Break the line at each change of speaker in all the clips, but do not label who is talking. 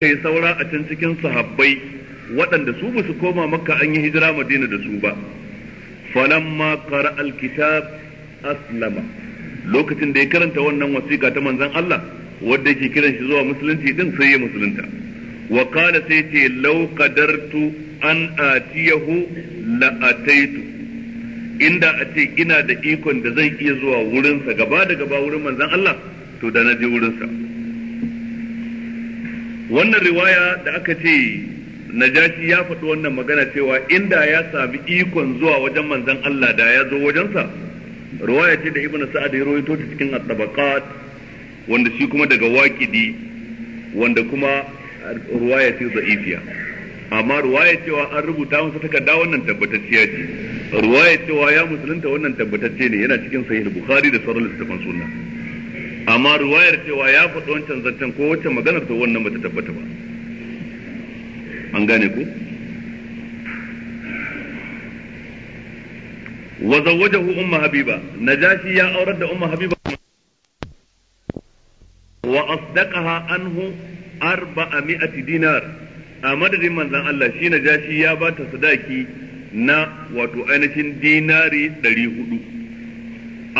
kai saura a can cikin sahabbai waɗanda su ba su koma makka an yi hijira madina da su ba falamma qara alkitab aslama lokacin da ya karanta wannan wasiƙa ta manzon Allah wanda yake kiran shi zuwa musulunci din sai ya musulunta wa qala sai ce law qadartu an atiyahu la ataitu inda a ce ina da ikon da zan iya zuwa wurinsa gaba da gaba wurin manzon Allah to da na je wurinsa wannan riwaya da aka ce najashi ya faɗi wannan magana cewa inda ya sami ikon zuwa wajen manzan Allah da ya zo wajensa riwaya ce da ibn sa'ad ya rawaito ta cikin at-tabaqat wanda shi kuma daga waqidi wanda kuma riwaya ce za'ifiya amma riwaya cewa an rubuta masa takarda wannan tabbatacciya ce riwaya cewa ya musulunta wannan tabbatacce ne yana cikin sahih bukhari da sauran littafan sunna amma ruwayar cewa ya faɗi wancan zancen ko wacce maganar to wannan bata tabbata ba an gane ku wa zawwajahu umma habiba najashi ya aurar da umma habiba wa asdaqaha anhu ti dinar a madadin manzan Allah shi najashi ya ba ta sadaki na wato ainihin dinari 400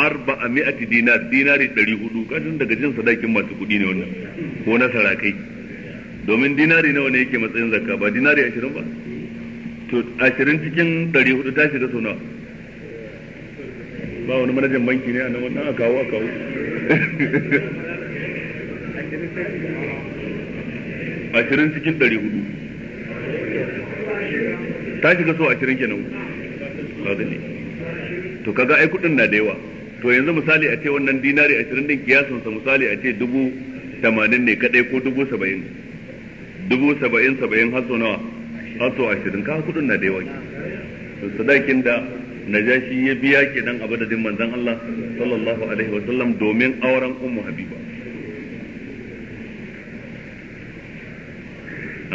arba a mi'ati dinar dinari ɗari hudu kasan daga jin sadakin masu kuɗi ne wannan ko na sarakai domin dinari nawa ne yake matsayin zakka ba dinari ashirin ba to ashirin cikin ɗari hudu ta shiga sau nawa ba wani manajan banki ne a nan wannan a kawo a kawo ashirin cikin ɗari hudu ta shiga sau ashirin kenan to kaga ai kudin na da yawa to yanzu misali a ce wannan dinari ashirin din kiyasansa misali a ce dubu tamanin ne kadai ko dubu saba'in dubu saba'in saba'in haso nawa haso ashirin ka kudin na da yawa sadakin da najashi ya biya kenan a badadin manzan Allah sallallahu alaihi wa sallam domin auren ummu habiba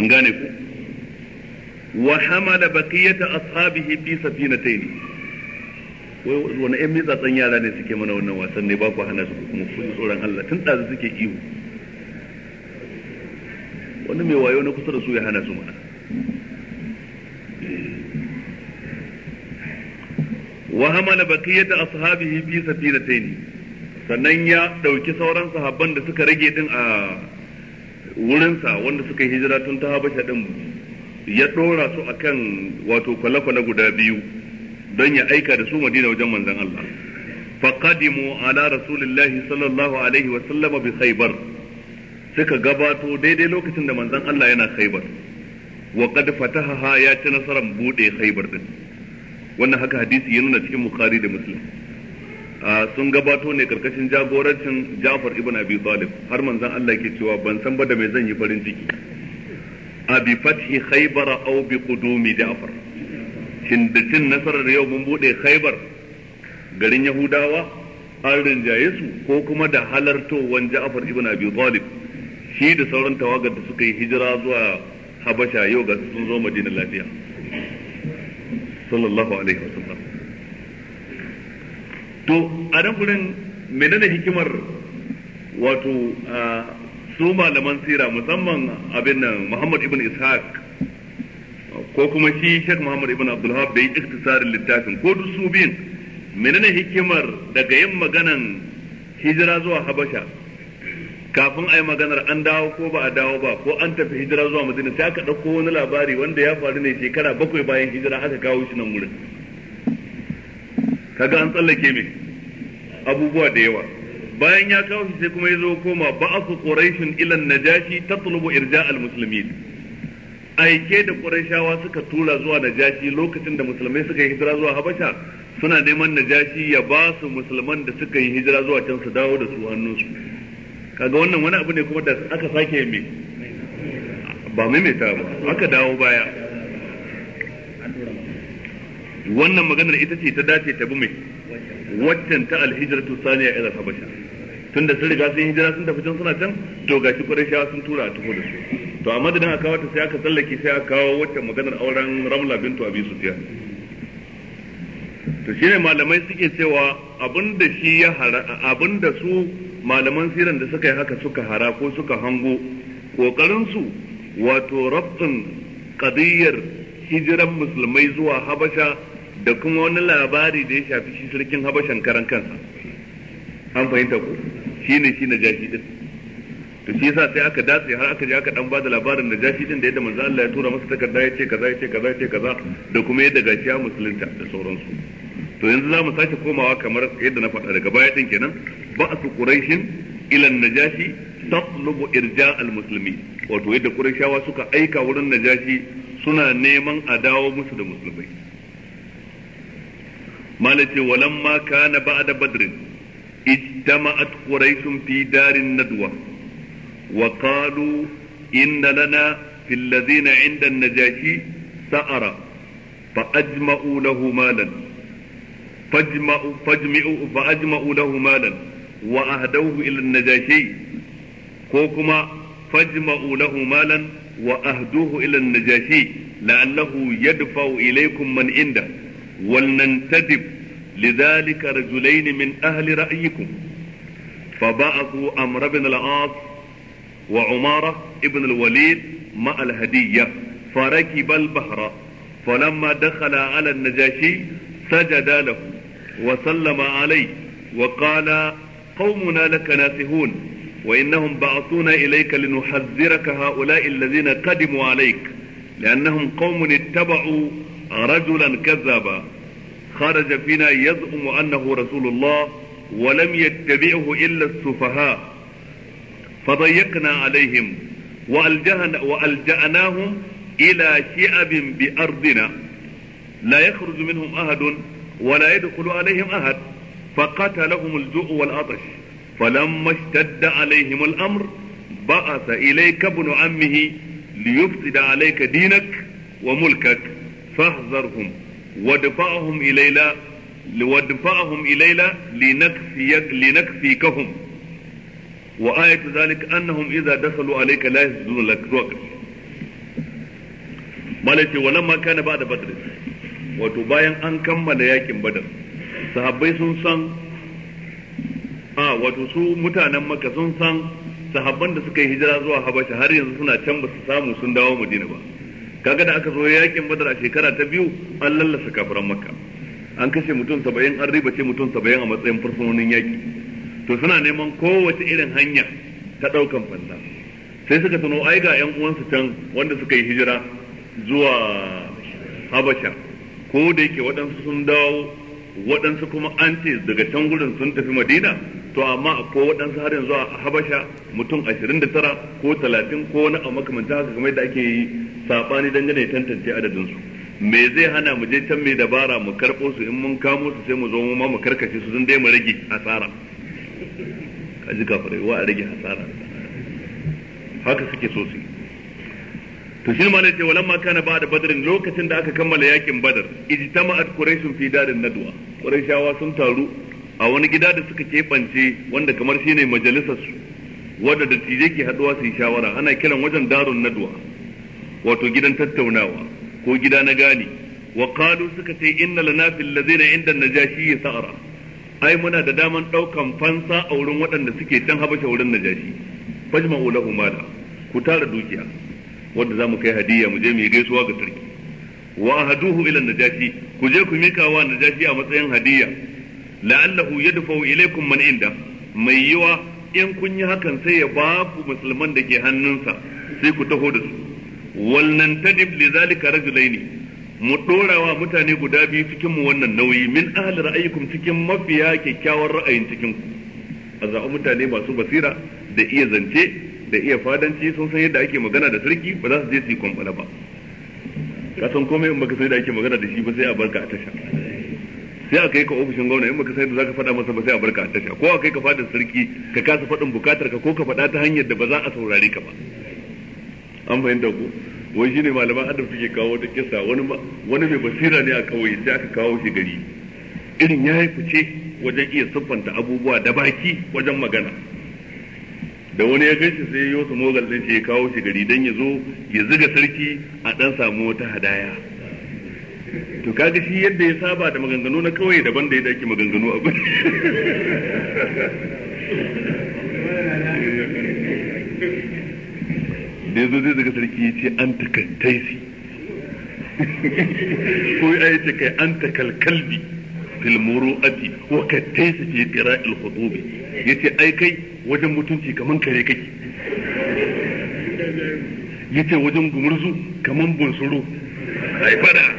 an gane ku wa hamala baqiyata ashabihi fi safinatayn wani yan mitsatsan yara ne suke mana wannan wasan ne ba ku hana su kuma ku tsoron Allah tun ɗazu suke ihu wani mai wayo na kusa da su ya hana su mana wa hamala baqiyata ashabihi fi safinatayn sannan ya dauki sauran sahabban da suka rage din a wurinsa wanda suka hijira tun ta habasha din ya dora su akan wato kwale-kwale guda biyu don ya aika da su madina wajen manzon Allah faqadimu ala rasulillahi sallallahu alaihi wa sallama bi khaybar suka gabato daidai lokacin da manzon Allah yana khaybar wa qad fataha ya ci nasaran bude khaybar din wannan haka hadisi ya nuna cikin bukhari da muslim sun gabato ne karkashin jagorancin Ja'far ibn Abi Talib har manzon Allah ke cewa ban san ba da me zan yi farin ciki abi fathi khaybar aw bi qudumi Ja'far shin da cin nasarar yau mun bude khaibar garin yahudawa an rinjaye su ko kuma da halartowar ja'far ibn abi talib shi da sauran tawagar da suka yi hijira zuwa habasha yau ga sun zo madina lafiya sallallahu alaihi wasallam to a nan gurin menene hikimar wato ah, su malaman sira musamman abin nan Muhammad ibn Ishaq ko kuma shi Sheikh Muhammad ibn Abdul Wahab da yi iktisarin littafin ko duk su biyun menene hikimar daga yin maganan hijira zuwa Habasha kafin a yi maganar an dawo ko ba a dawo ba ko an tafi hijira zuwa madina sai aka ɗauko wani labari wanda ya faru ne shekara bakwai bayan hijira aka kawo shi nan wurin kaga an tsallake me abubuwa da yawa bayan ya kawo shi sai kuma ya zo koma ba'asu quraishin ila najashi tatlubu irja al muslimin aike da ƙurashawa suka tura zuwa najashi lokacin da musulmai suka yi hijira zuwa habasha suna neman najashi ya ba su musulman da suka yi hijira zuwa can su dawo da su hannunsu kaga wannan wani abu ne kuma da aka sake mai ba maimaita ba aka dawo baya wannan maganar ita ce ta dace ta bi mai waccan ta alhijiratu saniya ila habasha tun da sun riga sun hijira sun tafi can suna can to gashi Qurayshawa sun tura a da su to a madadin aka kawo ta sai aka tsallake sai aka kawo wacce maganar auren Ramla bintu Abi Sufyan to shine malamai suke cewa abinda shi ya hara abinda su malaman siran da suka yi haka suka hara ko suka hango kokarin su wato rabtin qadiyar hijiran musulmai zuwa Habasha da kuma wani labari da ya shafi shi sarkin Habashan karan kansa an fahimta ko shine shi najashi din to shi yasa sai aka datse har aka je aka dan bada labarin da jashi din da yadda manzo Allah ya tura masa takarda ya ce kaza ya ce kaza ya ce kaza da kuma yadda gashi ya musulunta da sauransu to yanzu zamu sake komawa kamar yadda na faɗa daga baya din kenan ba'su quraishin ila najashi tatlubu irja al-muslimi wato yadda quraishawa suka aika wurin najashi suna neman a dawo musu da musulmai malace walamma kana ba'da badrin اجتمعت قريش في دار الندوة وقالوا إن لنا في الذين عند النجاشي سأرة فأجمعوا له مالا فاجمعوا فاجمعوا فأجمعوا له مالا وأهدوه إلى النجاشي كوكما فاجمعوا له مالا وأهدوه إلى النجاشي لعله يدفع إليكم من عنده ولننتدب لذلك رجلين من أهل رأيكم فبعثوا أمر بن العاص وعمارة ابن الوليد مع الهدية فركب البحر فلما دخل على النجاشي سجد له وسلم عليه وقال قومنا لك ناسهون وإنهم بعثونا إليك لنحذرك هؤلاء الذين قدموا عليك لأنهم قوم اتبعوا رجلا كذابا خرج فينا يزعم أنه رسول الله ولم يتبعه إلا السفهاء فضيقنا عليهم وألجأناهم إلى شئب بأرضنا لا يخرج منهم أحد ولا يدخل عليهم أحد فقتلهم الجوع والعطش فلما اشتد عليهم الأمر بعث إليك ابن عمه ليفسد عليك دينك وملكك فاحذرهم وادفعهم إلينا ودفعهم إلينا لنكفيكهم وآية ذلك أنهم إذا دخلوا عليك لا يسجدون لك زوك مالتي ولما كان بعد بدر وتباين أن كمل ياكم بدر sahabbai sun san a wato su mutanen maka sun san sahabban da suka yi hijira zuwa habasha har yanzu suna can ba su samu sun dawo madina ba kaga da aka zo yakin badar a shekara ta biyu an lallasa kafiran makka an kashe mutum saba'in an riba ce mutum saba'in a matsayin fursunonin yaƙi. to suna neman kowace irin hanya ta ɗaukan fanta. sai suka tuno ai ga yan uwansu can wanda suka yi hijira zuwa habasha ko da yake waɗansu sun dawo waɗansu kuma an ce daga can gudun sun tafi madina to amma ko waɗansu har yanzu a habasha mutum ashirin da tara ko talatin ko wani a makamanta haka kamar da ake yi saɓani dangane tantance adadinsu me zai hana mu je can mai dabara mu karɓo su in mun kamo su sai mu zo mu ma mu karkace su sun dai mu rage asara ka fara wa a rage asara haka suke so su to shi ma ce ma kana ba'da badrin lokacin da aka kammala yakin badar ijtama'at quraishun fi darin nadwa quraishawa sun taru a wani gida da suka keɓance wanda kamar shine majalisar su wanda da tije ke haduwa su yi shawara ana kiran wajen darun nadwa wato gidan tattaunawa ko gida na gani wa qalu suka ce inna lana fil ladina inda najashi sa'ara ai muna da daman daukan fansa a wurin waɗanda suke can habasha wurin najashi Fajma ulahu mala ku tara dukiya wanda zamu kai hadiya mu je mu yi gaisuwa ga sarki wa ahaduhu ila najashi ku je ku mika wa najashi a matsayin hadiya la'allahu yadfa'u ilaykum man inda mai yiwa in kun yi hakan sai ya ba ku musulman da ke hannunsa sai ku taho da su tadib li zalika rajulaini mu dorawa mutane guda biyu cikin mu wannan nauyi min ahli ra'ayikum cikin mafiya kyakkyawar ra'ayin cikin ku a zaɓi mutane masu basira da iya zance da iya fadanci sun san yadda ake magana da sarki ba za su je su yi kwamfala ba ka san komai in baka san yadda ake magana da shi ba sai a barka a tasha sai a kai ka ofishin gwamna in baka san yadda zaka faɗa masa ba sai a barka a tasha ko a kai ka fada sarki ka kasa faɗin bukatar ka ko ka faɗa ta hanyar da ba za a saurare ka ba an fahimta ku wai shine malaman adam suke kawo wata kisa wani mai basira ne a kauye sai aka kawo shi gari irin ya yi fice wajen iya siffanta abubuwa da baki wajen magana da wani ya gaishe sai yi wasu mogal ya kawo shi gari don ya zo ya zuga sarki a ɗan samu wata hadaya to kaga shi yadda ya saba da maganganu na kawai daban da ya dake maganganu a da ya zo zai daga sarki ya ce an takantai si ko ya yi kai an takalkalbi fil muru'ati wa kattai su fi qira'il khutubi yace ai kai wajen mutunci kaman kare kake ce wajen gumurzu kaman bunsuru ai fada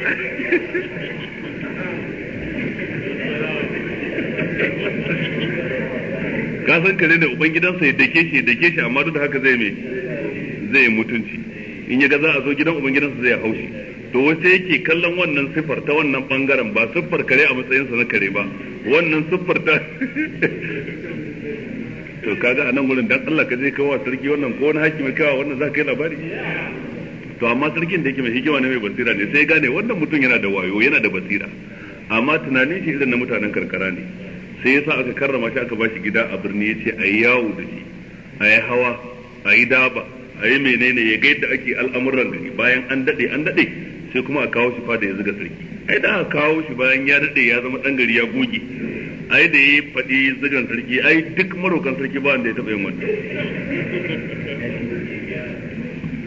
ka san kare da ubangidansa ya dake shi ya dake shi amma duk da haka zai mai zai mutunci in ya ga za a zo gidan ubangidansa zai haushi to wace yake kallon wannan siffar ta wannan bangaren ba siffar kare a matsayinsa na kare ba wannan siffar ta to kaga a nan gurin dan Allah ka je kawo sarki wannan ko wani hakimi kawo wannan zaka yi labari to amma sarkin da yake mai hikima ne mai basira ne sai gane wannan mutum yana da wayo yana da basira amma tunanin shi irin na mutanen karkara ne sai yasa aka karrama shi aka bashi gida a birni yace ayi yawo da shi ayi hawa ayi daba Ayi menene ya ga yadda ake al'amuran gari bayan an daɗe an daɗe sai kuma a kawo shi fada ya zuga sarki ai da aka kawo shi bayan ya daɗe ya zama dan gari ya goge ai da ya faɗi zugan sarki ai duk marokan sarki ba wanda ya taba yin wannan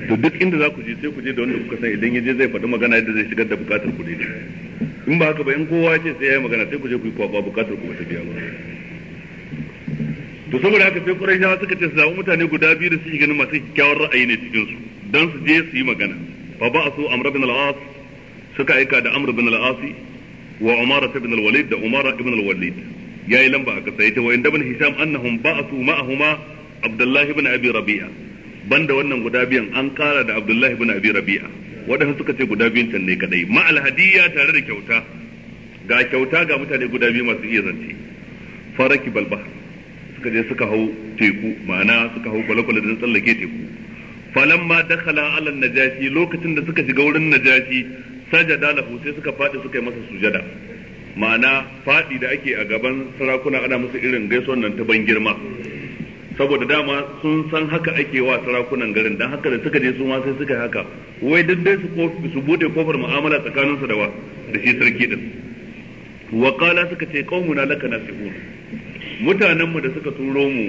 to duk inda za ku je sai ku je da wanda kuka san idan ya je zai faɗi magana yadda zai shigar da bukatar ku daidai in ba haka ba in kowa ce sai ya yi magana sai ku je ku yi kwaba bukatar ku ba ta biya ba to saboda haka sai quraishawa suka ce su zaɓi mutane guda biyu da suke ganin masu kyakkyawar ra'ayi ne cikin su dan su je su yi magana fa su amr bin al-as suka aika da amr bin al-asi wa umara bin al-walid da umara ibn al-walid yayi lamba aka sai ta wayin da bin hisham annahum ba'su ma'ahuma abdullahi bin abi rabi'a banda wannan guda biyan an kara da abdullahi bin abi rabi'a waɗansu suka ce guda biyun can ne kadai ma'al hadiyya tare da kyauta ga kyauta ga mutane guda biyu masu iya zance farakibal bahar suka je suka hau teku ma'ana suka hau kwale-kwale da tsallake teku Falon da kala alan najashi lokacin da suka shiga wurin najashi sajada lahu sai suka fadi suka yi masa sujada ma'ana fadi da ake a gaban sarakuna ana musu irin gaisuwan nan ta ban girma saboda dama sun san haka ake wa sarakunan garin dan haka da suka je su ma sai suka yi haka wai duk dai su su bude kofar mu'amala tsakaninsu da wa da shi sarki din wa qala suka ce qaumuna laka nasihun mutanenmu da suka turo mu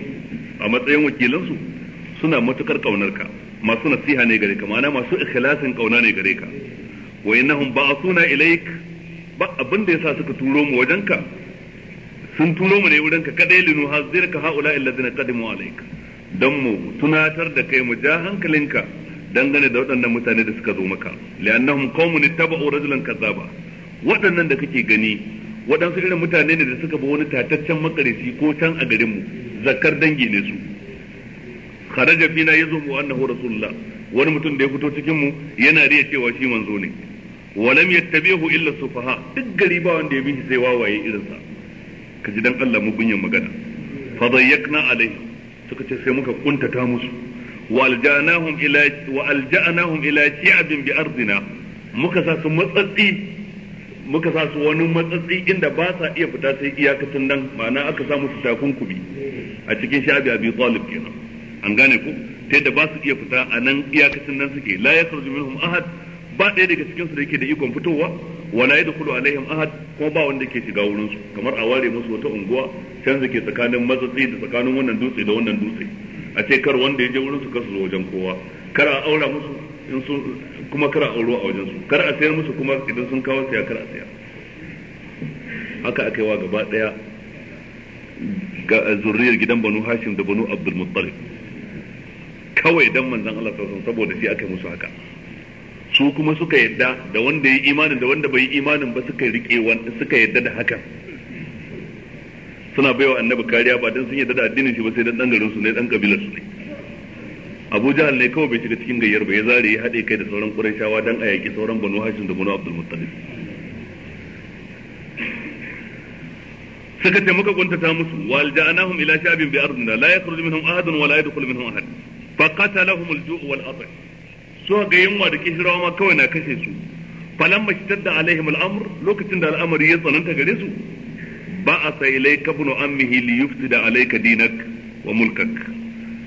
a matsayin wakilansu suna matukar kaunar ka masu nasiha ne gare ka ma'ana masu ikhlasin kauna ne gare ka wa innahum ba'athuna ilaik ba abin da yasa suka turo mu wajen ka sun turo mu ne wurin ka kadai linu hazirka haula alladhina qadimu alaik dan mu tunatar da kai mu ja hankalinka dangane da waɗannan mutane da suka zo maka li'annahum qaumun ittaba'u rajulan kazzaba waɗannan da kake gani waɗansu irin mutane ne da suka bi wani tataccen makarici ko can a garinmu zakar dangi ne su kharaja fina yazumu annahu rasulullah wani mutum da ya fito cikin mu yana riya cewa shi manzo ne walam yattabihu illa sufaha duk gari ba wanda ya bi shi sai wawaye irin sa ji dan Allah mu magana fa dayyakna alai suka ce sai muka kuntata musu wa aljanahum ila wa aljanahum ila shi'abin bi ardina muka sa su matsatsi muka sa su wani matsatsi inda ba sa iya fita sai iyakacin nan ma'ana aka sa musu takunkumi a cikin shabi abi talib kenan an gane ku ta yadda ba su iya fita a nan iyakacin nan suke la yakhruju minhum ahad ba ɗaya daga cikin su da yake da ikon fitowa wala yadkhulu alaihim ahad ko ba wanda ke shiga wurin su kamar a ware musu wata unguwa can suke tsakanin matsatsi da tsakanin wannan dutse da wannan dutse a ce kar wanda ya je wurin su kar su zo wajen kowa kar a aura musu in sun kuma kar a auro a wajen su kar a sayar musu kuma idan sun kawo saya kar a sayar haka aka yi wa gaba daya ga eh, zurriyar gidan banu hashim da banu abdul muttalib kawai dan manzon Allah sallallahu saboda shi aka yi musu haka su kuma suka yadda da wanda ya yi imanin da wanda bai yi imanin ba suka rike wanda suka yadda da hakan suna baiwa annabi kariya ba dan sun yadda da addinin shi ba sai dan dan garin su ne dan kabilar su ne Abu Jahal ne kawai bai shiga cikin gayyar ba ya zare ya haɗe kai da sauran Qurayshawa don a yaki sauran Banu Hashim da Banu Abdul Muttalib suka ce muka kuntata musu wal ja'anahum ila sha'bin bi ardina la yakhruju minhum ahadun wa la yadkhulu minhum ahad fa qatalahum al-ju' wal athash su ga yunwa da kishirawa ma kawai na kashe su falamma shtadda alaihim al-amr lokacin da al'amari ya tsananta gare su Ba a ba'asa ilayka ibn ammihi li yufsida alayka dinak wa mulkak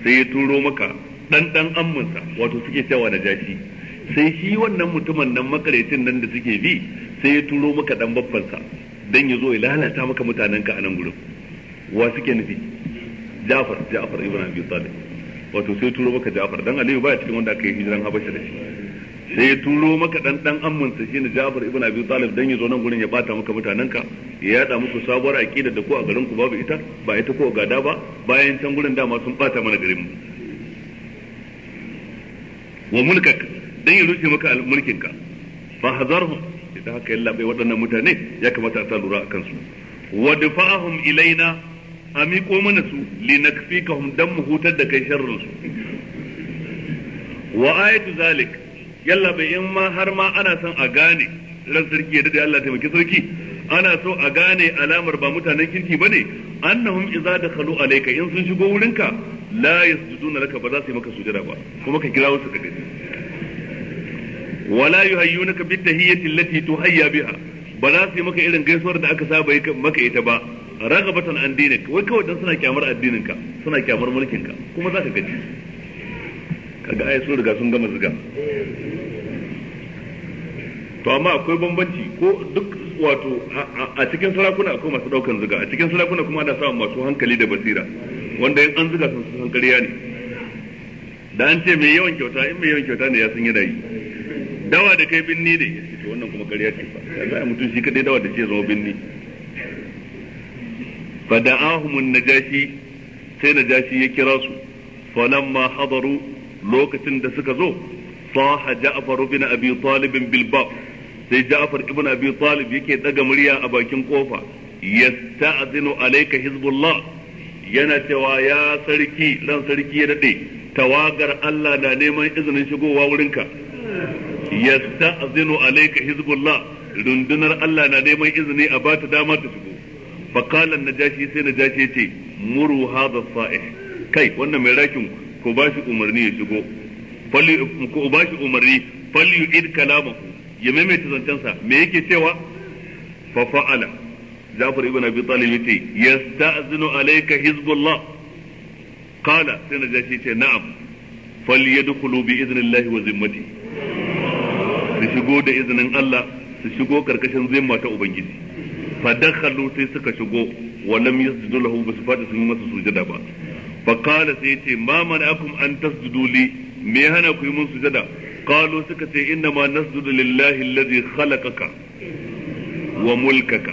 sai ya turo maka dan dan amminsa wato suke cewa na jashi sai shi wannan mutumin nan makarecin nan da suke bi sai ya turo maka dan babbansa dan ya zo ya lalata maka mutanenka a nan gurin wa suke nufi Ja'far Ja'far ibn Abi Talib wato sai turo maka Ja'far dan Aliyu baya cikin wanda aka yi hijiran Habasha da shi sai ya turo maka dan dan amminsa shine Ja'far ibn Abi Talib dan ya zo nan gurin ya bata maka mutanenka ya yada muku sabuwar aqida da ku a garin ku babu ita ba ita ko gada ba bayan can gurin dama sun bata mana garin mu wa mulkak dan ya rufe maka mulkin ka fa hazarhu idan haka yalla bai waɗannan mutane ya kamata a ta lura akan su wa difahum ilaina a miƙo mana su linakfikahum dan mu hutar da kai sharrin su wa ayatu zalik yalla bai in ma har ma ana son a gane ran sarki ya dade Allah taimaki sarki ana so a gane alamar ba mutanen kirki bane annahum idza dakhalu alayka in sun shigo wurinka la yasjuduna laka ba za su yi maka sujada ba kuma ka kira wasu gani wala yuhayyunaka bit tahiyyati allati tuhayya biha ba za su yi maka irin gaisuwar da aka saba maka ita ba ragabatan an dinik wai kawai dan suna kyamar addininka suna kyamar mulkinka kuma za ka gaji kaga ai sun riga sun gama ziga to amma akwai bambanci ko duk wato a cikin sarakuna akwai masu daukan zuga a cikin sarakuna kuma ana samun masu hankali da basira wanda in an zuga sun san ƙarya ne da an ce mai yawan kyauta in mai yawan kyauta ne ya san yana yi dawa da kai binni ne to wannan kuma ƙarya ce fa za a mutum shi kadai dawa da ce zama binni fa da'ahumun najashi sai najashi ya kira su ma hadaru lokacin da suka zo صاح جعفر بن أبي طالب بالباب sai Ja'far ibn Abi Talib yake daga murya a bakin kofa yasta'zinu alayka hizbullah yana cewa ya sarki ran sarki ya dade tawagar Allah na neman izinin shigowa wurinka yasta'zinu alayka hizbullah rundunar Allah na neman izini a bata dama ta shigo faqala najashi sai najashi yace muru hadha sa'ih kai wannan mai rakin ko bashi umarni ya shigo ku bashi umarni falyu id kalamahu ya maimaita zancensa me yake cewa fa fa'ala Ja'far ibn Abi Talib yace yasta'zinu alayka hizbullah qala sai na jashi ce na'am falyadkhulu bi idnillahi wa zimmati su shigo da izinin Allah su shigo karkashin zimma ta ubangiji fa dakhalu sai suka shigo wa lam yasjudu lahu bi sifati sun yi masa sujada ba fa qala sai yace ma mana'akum an tasjudu li me hana ku yi mun sujada qalu suka ce inna ma nasjudu lillahi alladhi khalaqaka wa mulkaka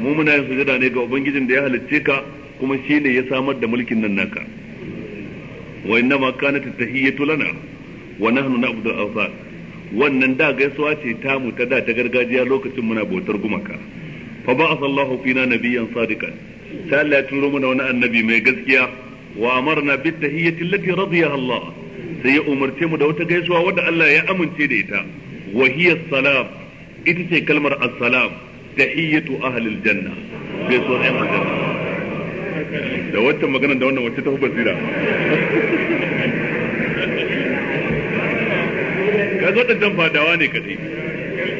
mu muna yin sujada ne ga ubangijin da ya halarci ka kuma shine ya samar da mulkin nan naka wa inna ma kanat at-tahiyyatu lana wa nahnu na'budu al-awthan wannan da gaisuwa ce ta mu ta da ta gargajiya lokacin muna bautar gumaka fa ba'atha Allahu fina nabiyyan sadiqan sai Allah ya turo mana wani annabi mai gaskiya wa na bi tahiyyati allati radiyaha Allah sai ya umarce mu da wata gaisuwa wadda Allah ya amince da ita wa hiya salam ita ce kalmar assalam tahiyyatu ahlil janna gaisuwar aljanna da magana da wannan wacce ta kaga fadawa ne kadai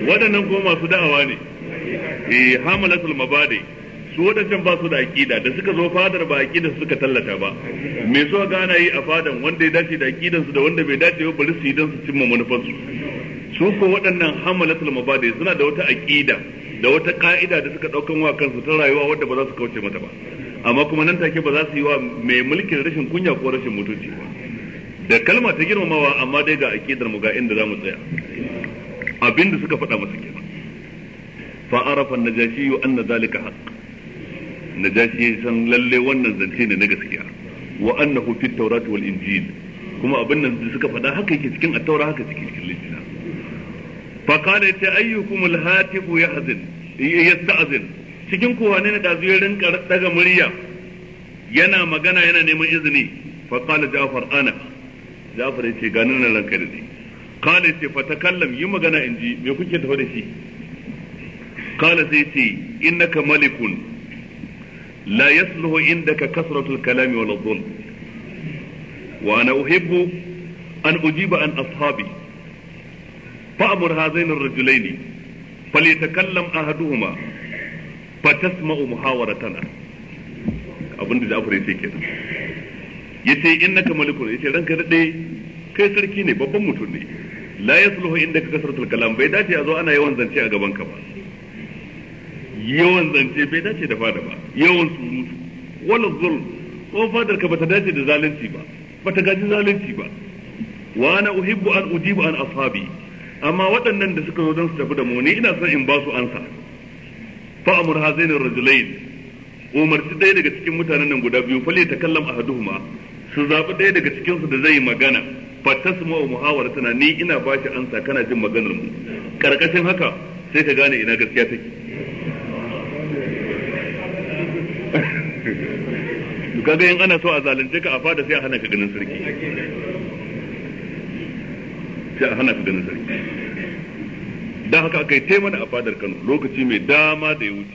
waɗannan kuma masu da'awa ne eh hamalatul mabadi su waɗancan ba su da aƙida da suka zo fadar ba aƙida suka tallata ba me so gana yi a fadan wanda ya dace da aƙidan su da wanda bai dace ba bari su yi don su cimma manufansu. su ko waɗannan hamalatul mabadi suna da wata aƙida da wata ƙa'ida da suka ɗaukan wa kansu ta rayuwa wadda ba za su kauce mata ba amma kuma nan take ba za su yi wa mai mulkin rashin kunya ko rashin mutunci ba da kalma ta girmamawa amma dai ga aƙidar mu ga inda za mu tsaya abinda suka faɗa masa kenan fa arafa an-najashi anna zalika haqq najashi ya san lalle wannan zance ne na gaskiya wa annahu fit tawrat wal injil kuma abin nan da suka faɗa haka yake cikin at-taura haka cikin injila fa qala ta ayyukum al-hatifu yahzin yasta'zin cikin kowa ne da zuwa rinka daga murya yana magana yana neman izini fa qala ja'far ana ja'far yace ga nan ranka da ni qala yace fa takallam yi magana inji me kuke tafa da shi qala sai yace innaka malikun la yasluhu indaka kasratul kalami wal dhulm wa ana uhibbu an ujiba an ashabi fa'mur hadain ar-rajulaini falyatakallam ahaduhuma fatasma'u muhawaratana abinda da afure yake kenan yace innaka malikun yace ranka daɗe, kai sarki ne babban mutum ne la inda indaka kasratul kalam bai dace a zo ana yawan zance a gaban ka ba yawan zance bai dace da fada ba yawan surutu wala zulm ko fadar ka bata dace da zalunci ba bata gaji zalunci ba wa ana uhibbu an ujibu an ashabi amma waɗannan da suka zo don su tafi da mu ne ina son in ba su ansa fa amur hazainir rajulain umarci ɗaya daga cikin mutanen nan guda biyu falle ta kallam ahaduhuma su zaɓi ɗaya daga cikin su da zai magana fa wa muhawara tana ni ina ba shi ansa kana jin maganar mu karkashin haka sai ka gane ina gaskiya take kaga yin ana so a zalunce ka a fada sai a hana ka ganin sarki sai a hana ka ganin sarki da haka aka yi taimana a fadar Kano lokaci mai dama da ya wuce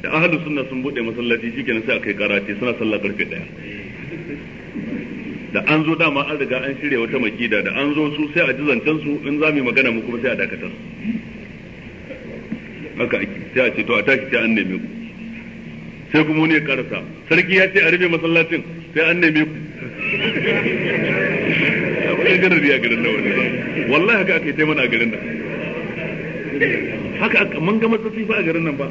da ahalus sunna sun bude masallaci kenan sai aka yi karate suna sallah karfe daya da an zo dama an riga an shirya wata makida da an zo su sai a ji zancen su in za mu magana mu kuma sai a dakatar haka sai a ce to a tashi sai an neme ku sai kuma wani ya karasa sarki ya ce a rufe masallacin sai an neme ku wani ganar ya garin da wani wallahi haka aka yi taimana a garin da haka aka man gama tsatsi ba a garin nan ba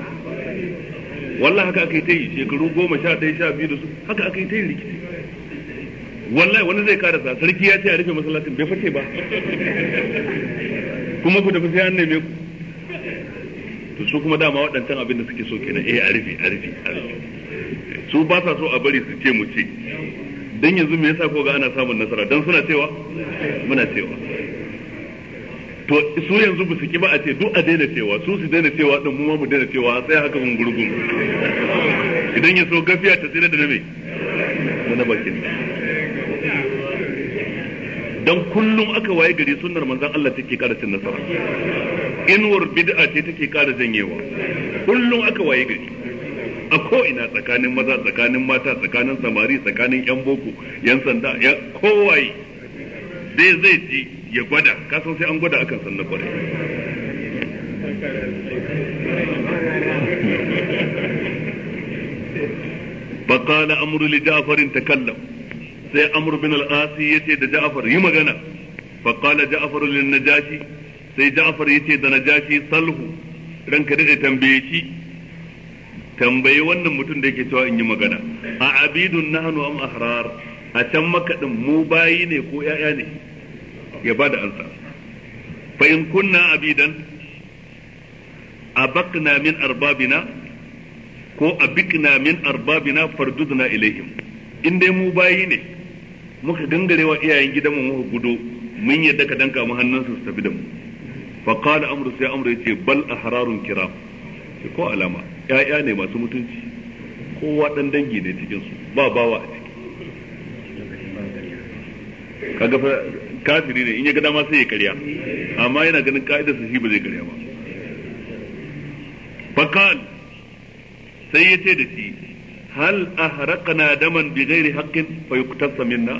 wallahi haka aka yi ta yi shekaru goma sha ɗaya sha biyu da su haka aka yi ta yi rikici wallahi wani zai karasa sarki ya ce a rufe masallacin bai fashe ba kuma ku tafi sai an neme ku to su kuma dama waɗancan abin da suke so kenan eh a rufe a rufe a rufe su ba sa so a bari su ce mu ce dan yanzu me yasa ko ga ana samun nasara dan suna cewa muna cewa to su yanzu ba su ki ba a ce duk a daina cewa su su daina cewa din mu ma mu daina cewa sai haka mun gurgun idan ya so gafiya ta tsira da na me na bakin dan kullum aka waye gari sunnar manzon Allah take ƙara cin nasara inwar bid'a ce take ƙara janyewa kullum aka waye gari a ko ina tsakanin maza tsakanin mata tsakanin samari tsakanin yan boko yan sanda ya kowaye dai zai ji ya gwada ka san sai an gwada akan san na kwarai فقال أمر لجعفر تكلم sai amr bin al-as yace da ja'far yi magana fa qala ja'far lin najashi sai ja'far yace da najashi salhu ranka da tambaye shi tambayi wannan mutum da yake cewa in yi magana a abidun nahnu am ahrar a can din mu bayi ne ko ‘ya'ya ne ya ba da ansa fa in kunna abidan abaqna min arbabina ko abikna min arbabina fardudna ilaihim in dai mu bayi ne muka gangarewa iyayen gidanmu muka gudo mun yadda ka danka mu hannunsu su tafi da mu fa qala amru sai amru yace bal ahrarun kiram sai ko alama yaya ne masu mutunci kowa dan dangi ne cikin su ba bawa a ciki kaga fa kafiri ne in ya ga dama sai ya karya amma yana ganin ka'idar su shi ba zai karya ba fa qala sai yace da shi hal ahraqna daman bi ghairi haqqin fa yuktasa minna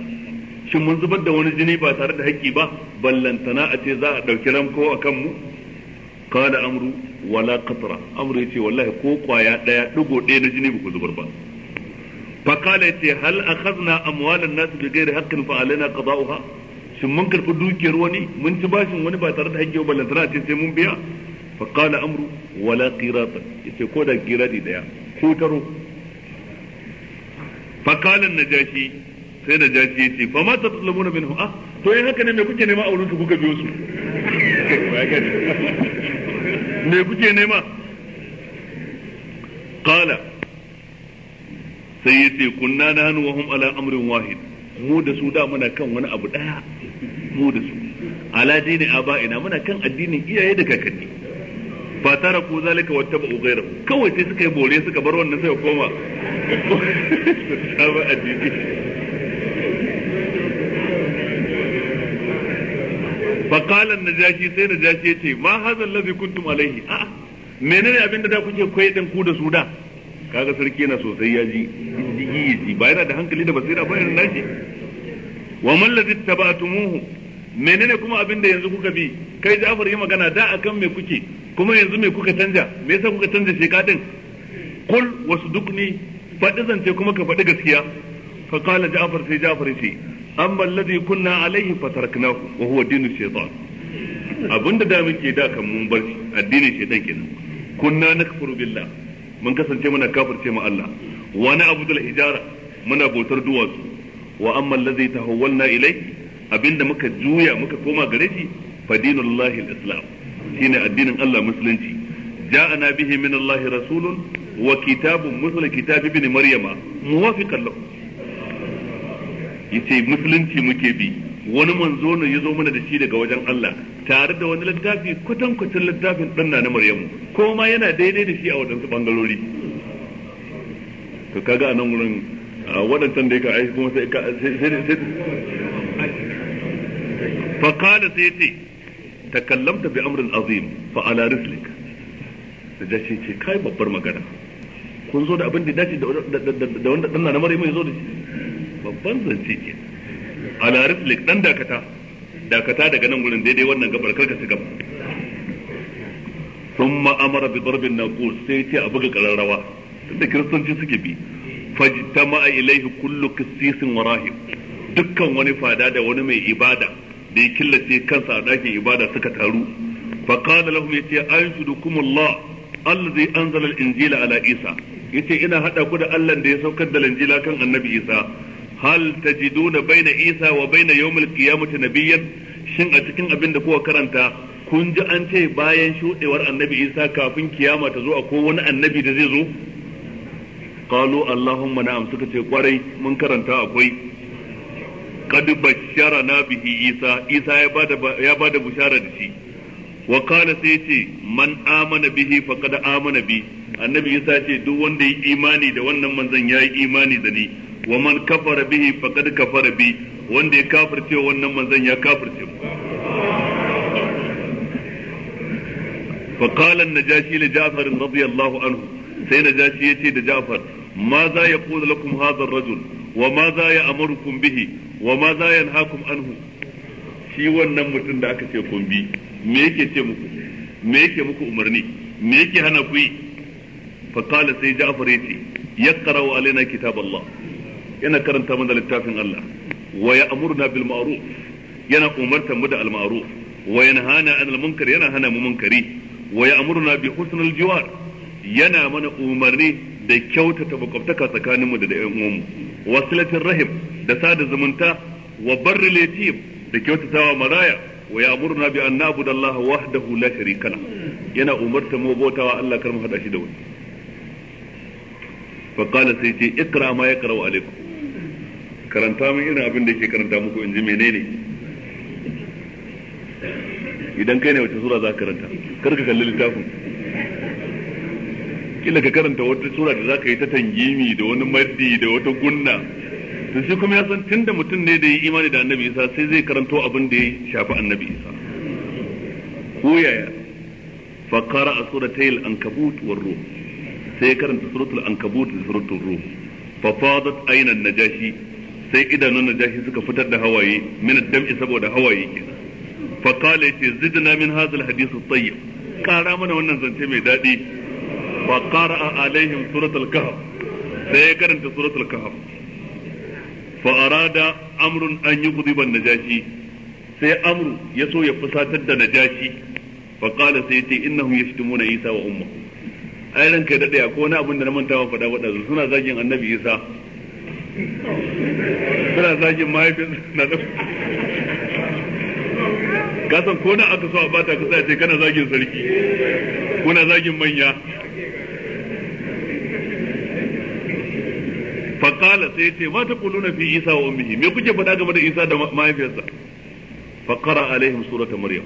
shin mun zubar da wani jini ba tare da haƙƙi ba ballantana a ce za a ɗauki ramko a kanmu kada amru wala qatra amru yace wallahi ko kwaya daya digo ɗaya na jini ba ku zubar ba fa kala yace hal akhadna amwalan nas bi ghairi haqqin fa alaina qada'uha shin mun karɓi dukiyar wani mun ci bashin wani ba tare da haƙƙi ba ballantana a ce sai mun biya fa kala amru wala qiratan yace ko da qirati daya ko taro fakalan jashi, sai na jashi ya ce fa ma ta tsallamuna minhu ah to yi haka ne mai kuke nema aurensu kuka biyo su Mai kuke nema Kala. sai ya ce kunna na hannu wa hum ala amrin wahid mu da su da muna kan wani abu daya mu da su ala dini aba ina muna kan addinin iyaye da kakanni fa ku zalika wata ba ugaira kawai sai suka yi bore suka bar wannan sai koma saba addini fa qala na najashi sai najashi yace ma hadha allazi kuntum alaihi a menene abin da kuke koyi dan ku da su da kaga sarki yana sosai ya ji yi ba yana da hankali da basira ba yana nashi wa man ladhi tabatumuhu menene kuma abin da yanzu kuka bi kai Ja'far yi magana da akan me kuke kuma yanzu me kuka canja me yasa kuka canja sheka din kul wasu ni faɗi zance kuma ka faɗi gaskiya fa qala ja'far sai ja'far ce amma alladhi kunna alaihi fataraknahu wa huwa dinu shaytan abinda da muke da kan mun bar addinin shaytan kenan kunna nakfuru billah mun kasance muna kafirce ma Allah wa na abudul hijara muna bautar duwatsu wa amma alladhi tahawwalna ilai abinda muka juya muka koma gare shi fa dinullahi al-islam shine addinin Allah musulunci ja'ana bihi min Allah rasulun wa kitabun musulun kitab ibn maryama muwafiqan lahu yace musulunci muke bi wani manzo ne yazo mana da shi daga wajen Allah tare da wani littafi kutan kutan littafin dan na Maryamu ko ma yana daidai da shi a wadansu bangarori to kaga anan gurin waɗancan da yake aiki kuma sai sai fa qala sai ce takallamta bi amrin azim fa ala rislik najashi ce kai babbar magana kun zo da abin da dace da wanda dan na mare mai zo da shi babban zance ke ala rislik dan dakata dakata daga nan gurin daidai wannan gabar karka ci gaba thumma amara bi darbin naqus sai ce a buga kararrawa tunda kiristanci suke bi fajtama ilaihi kullu qissisin wa rahib dukkan wani fada da wani mai ibada da ya killace kansa a ɗakin ibada suka taru fa qala lahum yace anshudukum Allah allazi anzala al-injila ala Isa yace ina hada ku da Allah da ya saukar da injila kan annabi Isa hal tajiduna baina Isa wa baina yawmil qiyamati nabiyyan shin a cikin abin da kuka karanta kun ji an ce bayan shudewar annabi Isa kafin kiyama ta zo akwai wani annabi da zai zo qalu allahumma na'am suka ce kwarai mun karanta akwai qad basharana bihi isa isa ya bada ya bada da shi wa kana sai ce man amana bihi fa faqad amana bi annabi isa ce duk wanda ya imani da wannan manzon ya yi imani da ni wa man kafara bihi fa faqad kafara bi wanda ya kafirce wannan manzon ya kafirce mu فقال النجاشي لجعفر رضي الله عنه سيدنا نجاشي يتي ya ماذا يقول لكم هذا الرجل wa ma za ya amurkum bihi wa ma za yanhaakum anhu shi wannan mutum da aka ce kun bi me yake ce muku me yake muku umarni me yake hana ku yi fa qala sai Ja'far yace yaqra'u alaina kitab Allah yana karanta mana littafin Allah wa ya'muruna bil ma'ruf yana umartar mu da al ma'ruf wa yanhana 'anil munkar yana hana mu munkari wa ya'muruna bi husnil jiwar yana mana umarni da kyautata makwabtaka tsakaninmu da ɗan uwanmu wasilatin rahim da sada zumunta wa barri latim da kyautatawa maraya wa ya'muruna bi an na'budu Allah wahdahu la sharika la yana umarta mu bautawa Allah kar mu hada shi da wani fa qala sai ce ikra ma yaqra'u alaikum karanta min irin abin da yake karanta muku in ji menene idan kai ne wata sura za ka karanta kar ka kalli littafin kila ka karanta wata sura da zaka yi ta tangimi da wani maddi da wata gunna to shi kuma ya san tunda mutum ne da ya imani da annabi isa sai zai karanto abin da ya shafi annabi isa ko yaya fa qara'a suratayil ankabut war rum sai karanta suratul ankabut da suratul rum fa fadat ayna najashi sai idanun najashi suka fitar da hawaye min dam'i saboda hawaye kenan fa qala yace zidna min hadha al hadith at-tayyib kara mana wannan zance mai daɗi fa عليهم alaihim الكهف kahf sai ya karanta suratul kahf fa يغضب amrun سي yughdiba يسو sai amru ya so ya fusatar da najashi fa كده sai yace innahum yashtumuna isa wa umma ai ranka ya dade akwai wani abin da kasan ko aka so a bata kasa ce kana zagin sarki kuna zagin manya fa sai sai ce ma na fi isa wa ummihi me kuke faɗa game da isa da mahaifiyarsa fa qara alaihim surata maryam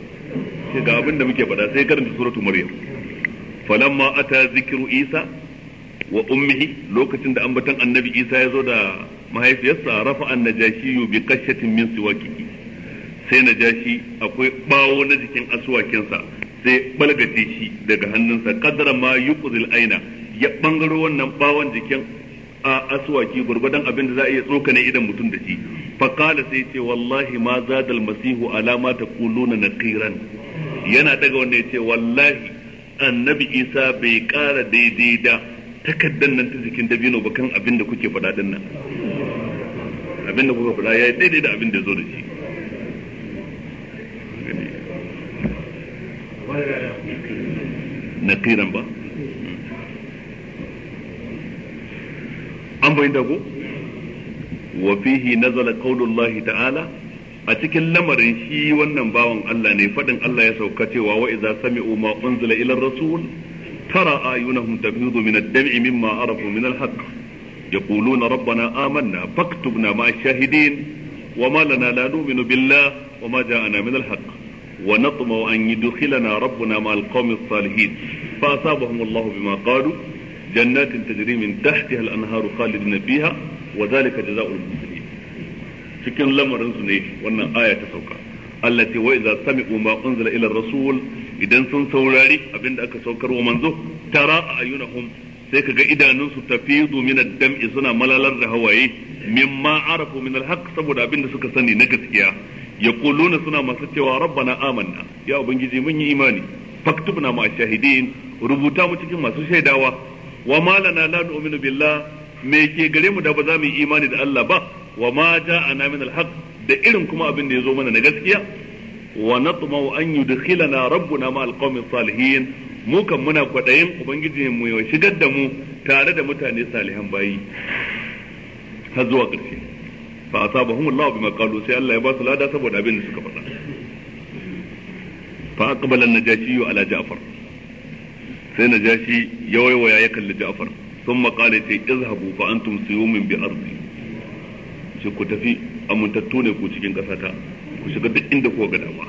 sai ga abin da muke faɗa sai karanta suratu maryam falamma ata zikru isa wa ummihi lokacin da ambaton annabi isa ya zo da mahaifiyarsa rafa annajashiyu bi qashatin min siwakihi sai najashi akwai bawo na jikin asuwakinsa sai balgace shi daga hannunsa kadara ma yuqzil aina ya bangaro wannan bawon jikin a aswaki gurgudan abin da za a iya tsokane idan mutum da shi qala sai ce wallahi ma zadal masihu ala ma taquluna naqiran yana daga wanda yace wallahi annabi isa bai kara daidai da takaddan nan ta jikin dabino ba kan abin da kuke faɗa din nan abin da kuka faɗa yayi daidai da abin da zo da shi naqiran ba an bai dago wa fihi nazala qaulullahi ta'ala a cikin lamarin shi wannan bawan Allah ne fadin Allah ya sauka cewa wa idza sami'u ma unzila ila rasul tara ayunahum tafidu min ad-dam'i mimma arafu min al-haqq yaquluna rabbana amanna faktubna ma ash-shahidin وما لنا لا نؤمن بالله وما جاءنا من الحق ونطمع أن يدخلنا ربنا مع القوم الصالحين فأصابهم الله بما قالوا جنات تجري من تحتها الأنهار خالدين فيها وذلك جزاء المحسنين cikin lamarinsu ne wannan aya ta sauka allati wa idza sami'u ma unzila ila rasul idan sun saurari abinda aka saukar wa manzo tara ayunahum sai kaga idanunsu tafidu min ad-dam'i suna malalar da hawaye mimma arafu min al-haqq saboda suka sani na gaskiya yaquluna suna masu cewa rabbana amanna ya ubangiji mun yi imani faktubna ma shahidin rubuta mu cikin masu shaidawa wa ma lana la nu'minu billah me ke gare mu da ba za mu yi imani da Allah ba wa ma ja'ana min al-haq da irin kuma abin da yazo mana na gaskiya wa natma'u an yudkhilana rabbuna ma al-qawmi salihin mu kan muna kwadayin ubangiji mu ya shigar da mu tare da mutane salihan bayi har zuwa ƙarshe fa asabahum Allah bima qalu sai Allah ya ba su lada saboda abin da suka faɗa fa aqbala an-najashi ala ja'far sai na ja shi ya waiwaya ya kalli Ja'far sun maƙala ce izhabu fa antum suyumin bi ardi shi ku tafi amintattu ne ku cikin ƙasata ku shiga duk inda ku ga dama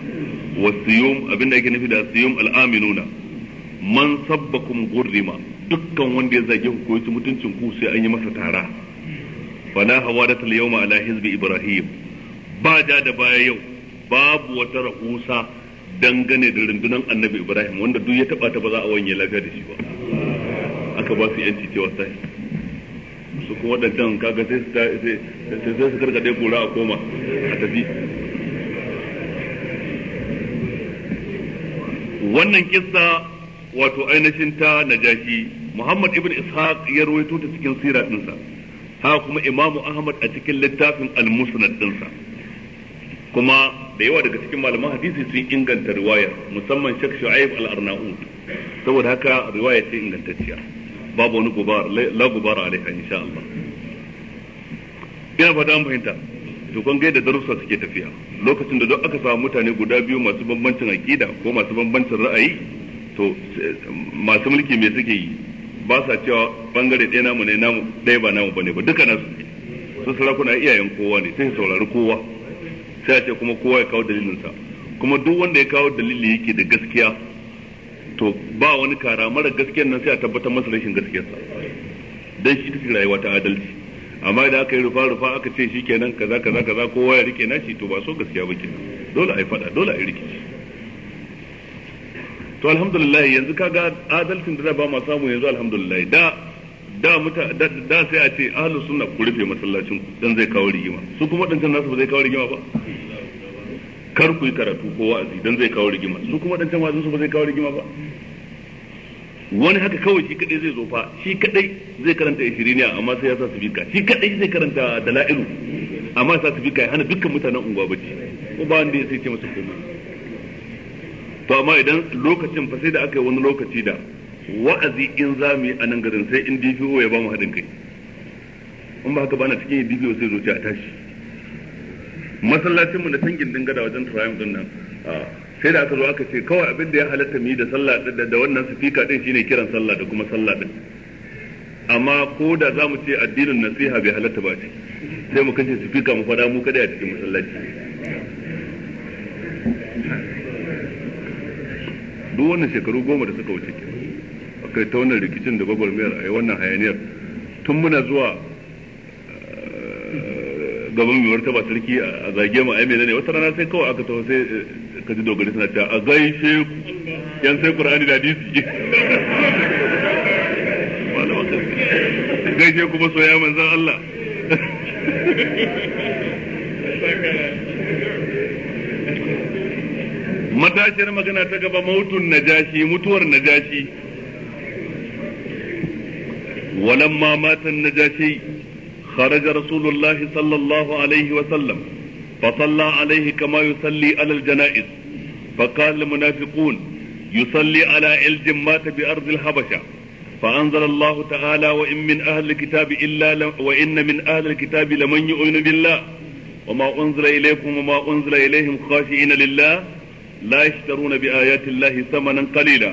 wa suyum abinda ake nufi da suyum al'aminuna man sabbakum gurrima dukkan wanda ya zage ku ko mutuncin ku sai an yi masa tara hawa hawa al ma ala hizbi ibrahim ba ja da baya yau babu wata rahusa dangane da rundunar annabi ibrahim wanda duk ya taba ta ba za a wanye lafiya da shi ba aka ba su yanci cewa sai su kuma waɗancan kaga sai sai su karkaɗe kura a koma a tafi wannan kissa wato ainihin ta najashi muhammad ibn ishaq ya rawaito ta cikin sira ɗinsa ha kuma imamu ahmad a cikin littafin al-musnad dinsa kuma da yawa daga cikin malaman hadisi sun inganta riwaya musamman shek Shu'aib al-Arnaud saboda haka riwaya ce ingantacciya babu wani gubar la gubar alaiha insha Allah ina fata an fahimta to kun ga yadda darussa suke tafiya lokacin da duk aka samu mutane guda biyu masu bambancin aqida ko masu bambancin ra'ayi to masu mulki me suke yi ba sa cewa bangare ɗaya namu ne namu ɗaya ba namu bane ba duka nasu su sarakuna iyayen kowa ne sai saurari kowa sai ce kuma kowa ya kawo dalilinsa kuma duk wanda ya kawo dalili yake da gaskiya to ba wani kara mara gaskiyar nan sai a tabbatar masa rashin gaskiyarsa dan shi take rayuwa ta adalci amma idan aka yi rufa rufa aka ce shi kenan kaza kaza kaza kowa ya rike nashi to ba so gaskiya ba kenan dole a yi fada dole a yi rikici to alhamdulillah yanzu kaga adalcin da za ba mu samu yanzu alhamdulillah da da muta da sai a ce ahlu sunna ku rufe masallacin ku dan zai kawo rigima su kuma dancan nasu ba zai kawo rigima ba kar ku yi karatu ko wa'azi dan zai kawo rigima su kuma dancan wa'azin su ba zai kawo rigima ba wani haka kawai shi kadai zai zo fa shi kadai zai karanta ishiriniya amma sai ya sa sifika shi kadai zai karanta dala'ilu amma sa sifika ya hana dukkan mutanen unguwa bacci ko ba wanda ya sai ce masa komai to amma idan lokacin fa sai da aka yi wani lokaci da wa'azi in za mu yi a nan garin sai in DPO ya ba mu haɗin kai in ba haka ba na cikin yin DPO sai zuciya tashi masallacinmu na tangin gada wajen turayen din nan sai da aka zo aka ce kawai abin da ya halatta mu yi da sallah da da wannan sifika din shine kiran sallah da kuma sallah din amma ko da za mu ce addinin nasiha bai halatta ba ce sai mu kace sifika mu fada mu kada a cikin masallaci duk wannan shekaru goma da suka wuce kenan kai ta wannan rikicin da mayar a yi wannan hayaniyar tun muna zuwa eh, gaban mai martaba sarki a zage mu ai menene wata rana sai kawai aka taho sai eh, ka ji dogari suna cewa a gaishe ku yan sai qur'ani da hadisi gaishe kuma soya manzon Allah matashiyar magana ta gaba mautun najashi mutuwar najashi ولما مات النجاشي خرج رسول الله صلى الله عليه وسلم فصلى عليه كما يصلي على الجنائز فقال المنافقون يصلي على علج مات بأرض الحبشة فأنزل الله تعالى وإن من أهل الكتاب إلا لم وإن من أهل الكتاب لمن يؤمن بالله وما أنزل إليكم وما أنزل إليهم خاشعين لله لا يشترون بآيات الله ثمنا قليلا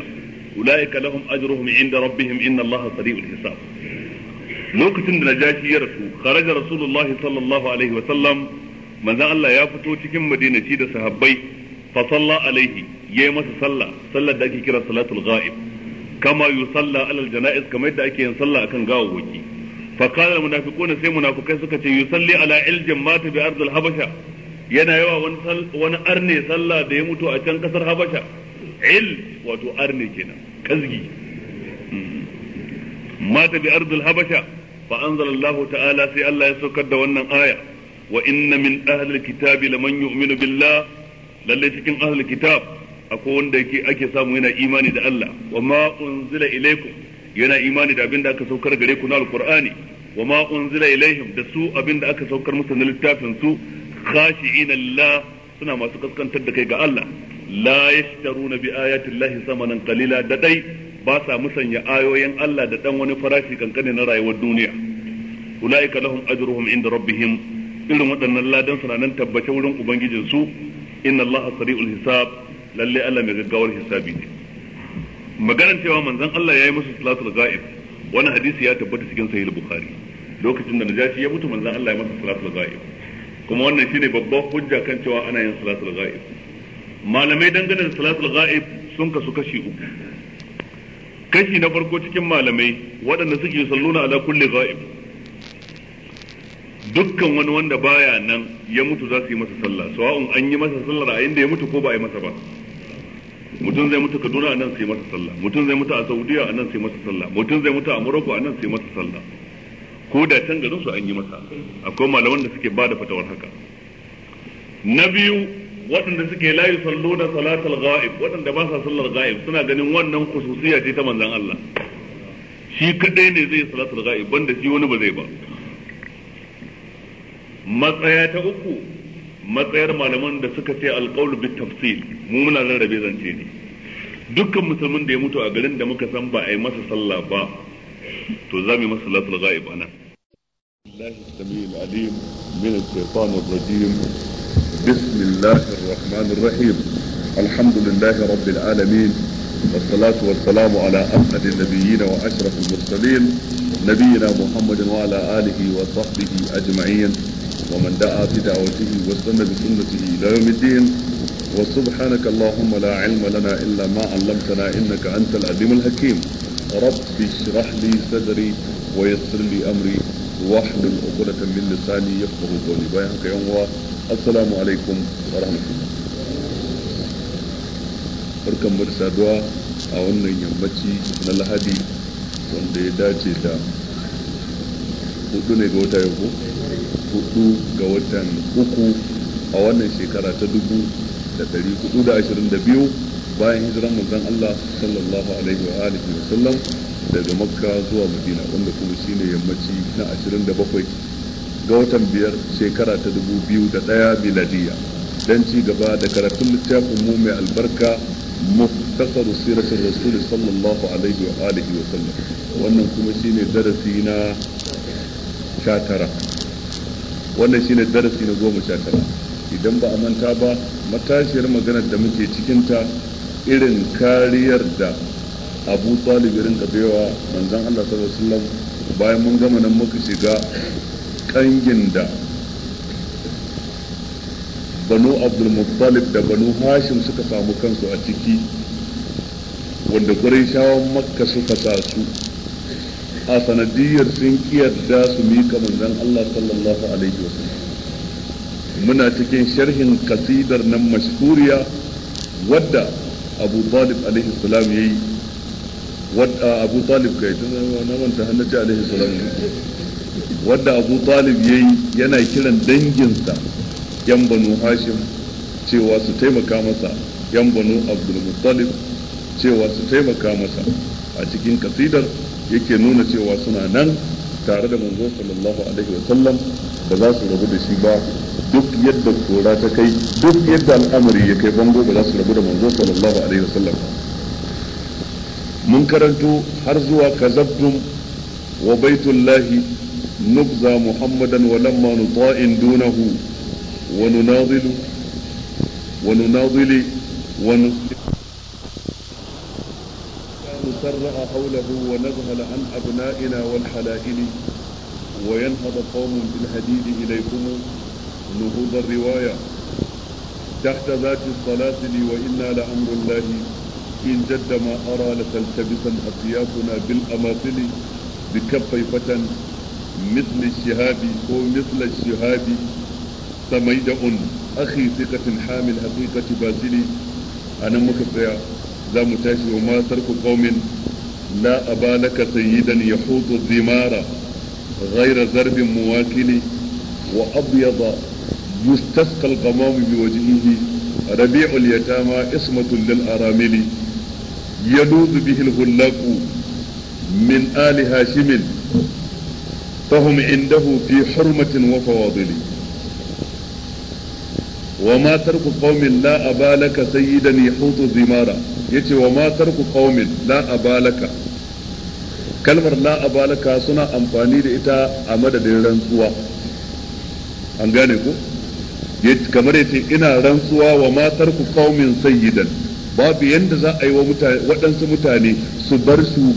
ulaika lahum ajruhum inda rabbihim inna allaha hisab lokacin da na najashi ya rasu kharaja rasulullahi sallallahu manzan Allah ya fito cikin madinaci da sahabbai fa salla alaihi yayi masa sallah sallar da ake kira salatul ghaib kama yusalla alal janaiz kamar yadda ake yin sallah akan gawawwaki fa qala al munafiquna sai munafukai suka ce yusalli ala iljin mata bi ardil habasha yana yawa wani arne sallah da ya mutu a can kasar habasha il wato arne kenan kazgi mata bi ardul habasha fa anzala Allah ta'ala sai Allah ya saukar da wannan aya wa inna min ahlil kitabi laman yu'minu billah lalle cikin ahlul kitab akwai wanda yake ake samu yana imani da Allah wa ma unzila ilaikum yana imani da abin da aka saukar gare ku na alqur'ani wa ma unzila ilaihim da su abin da aka saukar musu na littafin su khashi'ina lillah suna masu kaskantar da kai ga Allah la yashtaruna bi ayati llahi samanan qalila da dai ba sa musanya ayoyin Allah da dan wani farashi kankane na rayuwar duniya ulaika lahum ajruhum inda rabbihim irin waɗannan ladan suna nan tabbace wurin ubangijin su inna allaha sari'ul hisab lalle Allah mai gaggawar hisabi ne maganar cewa manzon Allah yayi musu salatul ghaib wani hadisi ya tabbata cikin sahih bukhari lokacin da najashi ya mutu manzon Allah ya masa salatul ghaib kuma wannan shine babban hujja kan cewa ana yin salatul ghaib malamai dangane da salatul ghaib sun kasu kashi uku kashi na farko cikin malamai waɗanda suke salluna ala kulli ghaib dukkan wani wanda baya nan ya mutu za su yi masa sallah sawa'un an yi masa sallah a inda ya mutu ko ba a yi masa ba mutum zai mutu Kaduna a nan sai masa sallah mutum zai mutu a Saudiya a nan sai masa sallah mutum zai mutu a Morocco a nan sai masa sallah ko da can garin su an yi masa akwai malaman da suke bada fatawar haka na biyu waɗanda suke la yusalluna salatal ghaib waɗanda ba sa sallar ghaib suna ganin wannan khususiyya ce ta manzon Allah shi kadai ne zai salatul ghaib banda shi wani ba zai ba matsaya ta uku matsayar malaman da suka ce alqaul bit tafsil mu muna rarrabe zance ne dukkan musulmin da ya mutu a garin da muka san ba a yi masa sallah ba تزامي مسألة الغائب أنا الله السميع العليم من الشيطان الرجيم بسم الله الرحمن الرحيم الحمد لله رب العالمين والصلاة والسلام على أحمد النبيين وأشرف المرسلين نبينا محمد وعلى آله وصحبه أجمعين ومن دعا بدعوته واستنى بسنته إلى يوم الدين وسبحانك اللهم لا علم لنا إلا ما علمتنا إنك أنت العليم الحكيم رب اشرح لي صدري ويسر لي أمري واحلل عقدة من لساني يفقه قولي بايعك يوم السلام عليكم ورحمة الله barkan mu da saduwa a wannan yammaci na lahadi wanda ya dace da hudu ne ga wata yau hudu ga watan uku a wannan shekara ta dubu da dari hudu da ashirin da biyu bayan hijiran manzon Allah sallallahu alaihi wa alihi wa sallam daga Makka zuwa Madina wanda kuma shine yammaci na 27 ga watan biyar shekara ta 2001 miladiya dan ci gaba da karatun littafin mu mai albarka مختصر سيرة الرسول صلى الله عليه wa sallam wannan kuma shine darasi na shatara wannan shine darasi na goma shatara idan ba a manta ba matashiyar maganar da muke cikinta irin kariyar da abu talib ya rinka baiwa Allah sallallahu alaihi bayan mun gama nan muka shiga kangin da banu abdul da banu hashim suka samu kansu a ciki wanda shawan makka suka sa su a sanadiyar sun kiyarda su mika manzan Allah sallallahu alaihi wasallam muna cikin sharhin kasidar nan mashkuriya wadda abu talib alaihi salam ya yi wadda ah, abu talib kai tun na manta hannace alaihi salam wadda abu talib ya yi yana kiran danginsa yan banu hashim cewa su taimaka masa yan banu abdul muttalib cewa su taimaka masa a cikin kasidar yake nuna cewa suna nan tare da manzo sallallahu alaihi wa sallam da za su rabu da shi ba duk yadda tsora ta kai duk yadda al'amari ya kai bango ba za su rabu da manzo sallallahu alaihi wa sallam mun karanto har zuwa kazabtum wa baitullahi nubza muhammadan wa lamma nuta'in dunahu wa nunazilu wa nunazili wa nusilu نسرع حوله ونذهل عن أبنائنا والحلائل وينهض قوم بالهديد إليكم نهوض الرواية تحت ذات الصلاة لي وإنا لأمر الله إن جد ما أرى لتلتبسا أطيافنا بالأماثل بكفيفة مثل الشهاب أو مثل الشهاب سميدأ أخي ثقة حامل حقيقة بازلي أنا مكفيا za mu tashi wa ma tarku qaumin la abalaka sayyidan yahudu zimara ghayra zarbin muwakili wa abyada bi wajhihi يستسقى الغمام بوجهه ربيع اليتامى اسمة للأرامل يلوذ به الهلاك من آل هاشم فهم عنده في حرمة وفواضل wa ma tarku qaumin la abalaka sayyidan yahutu zimara yace wa ma tarku qaumin la abalaka kalmar la abalaka suna amfani da ita a madadin rantsuwa an gane ko kamar yace ina rantsuwa wa ma tarku qaumin sayyidan babu yanda za a yi wa mutane waɗansu mutane su bar su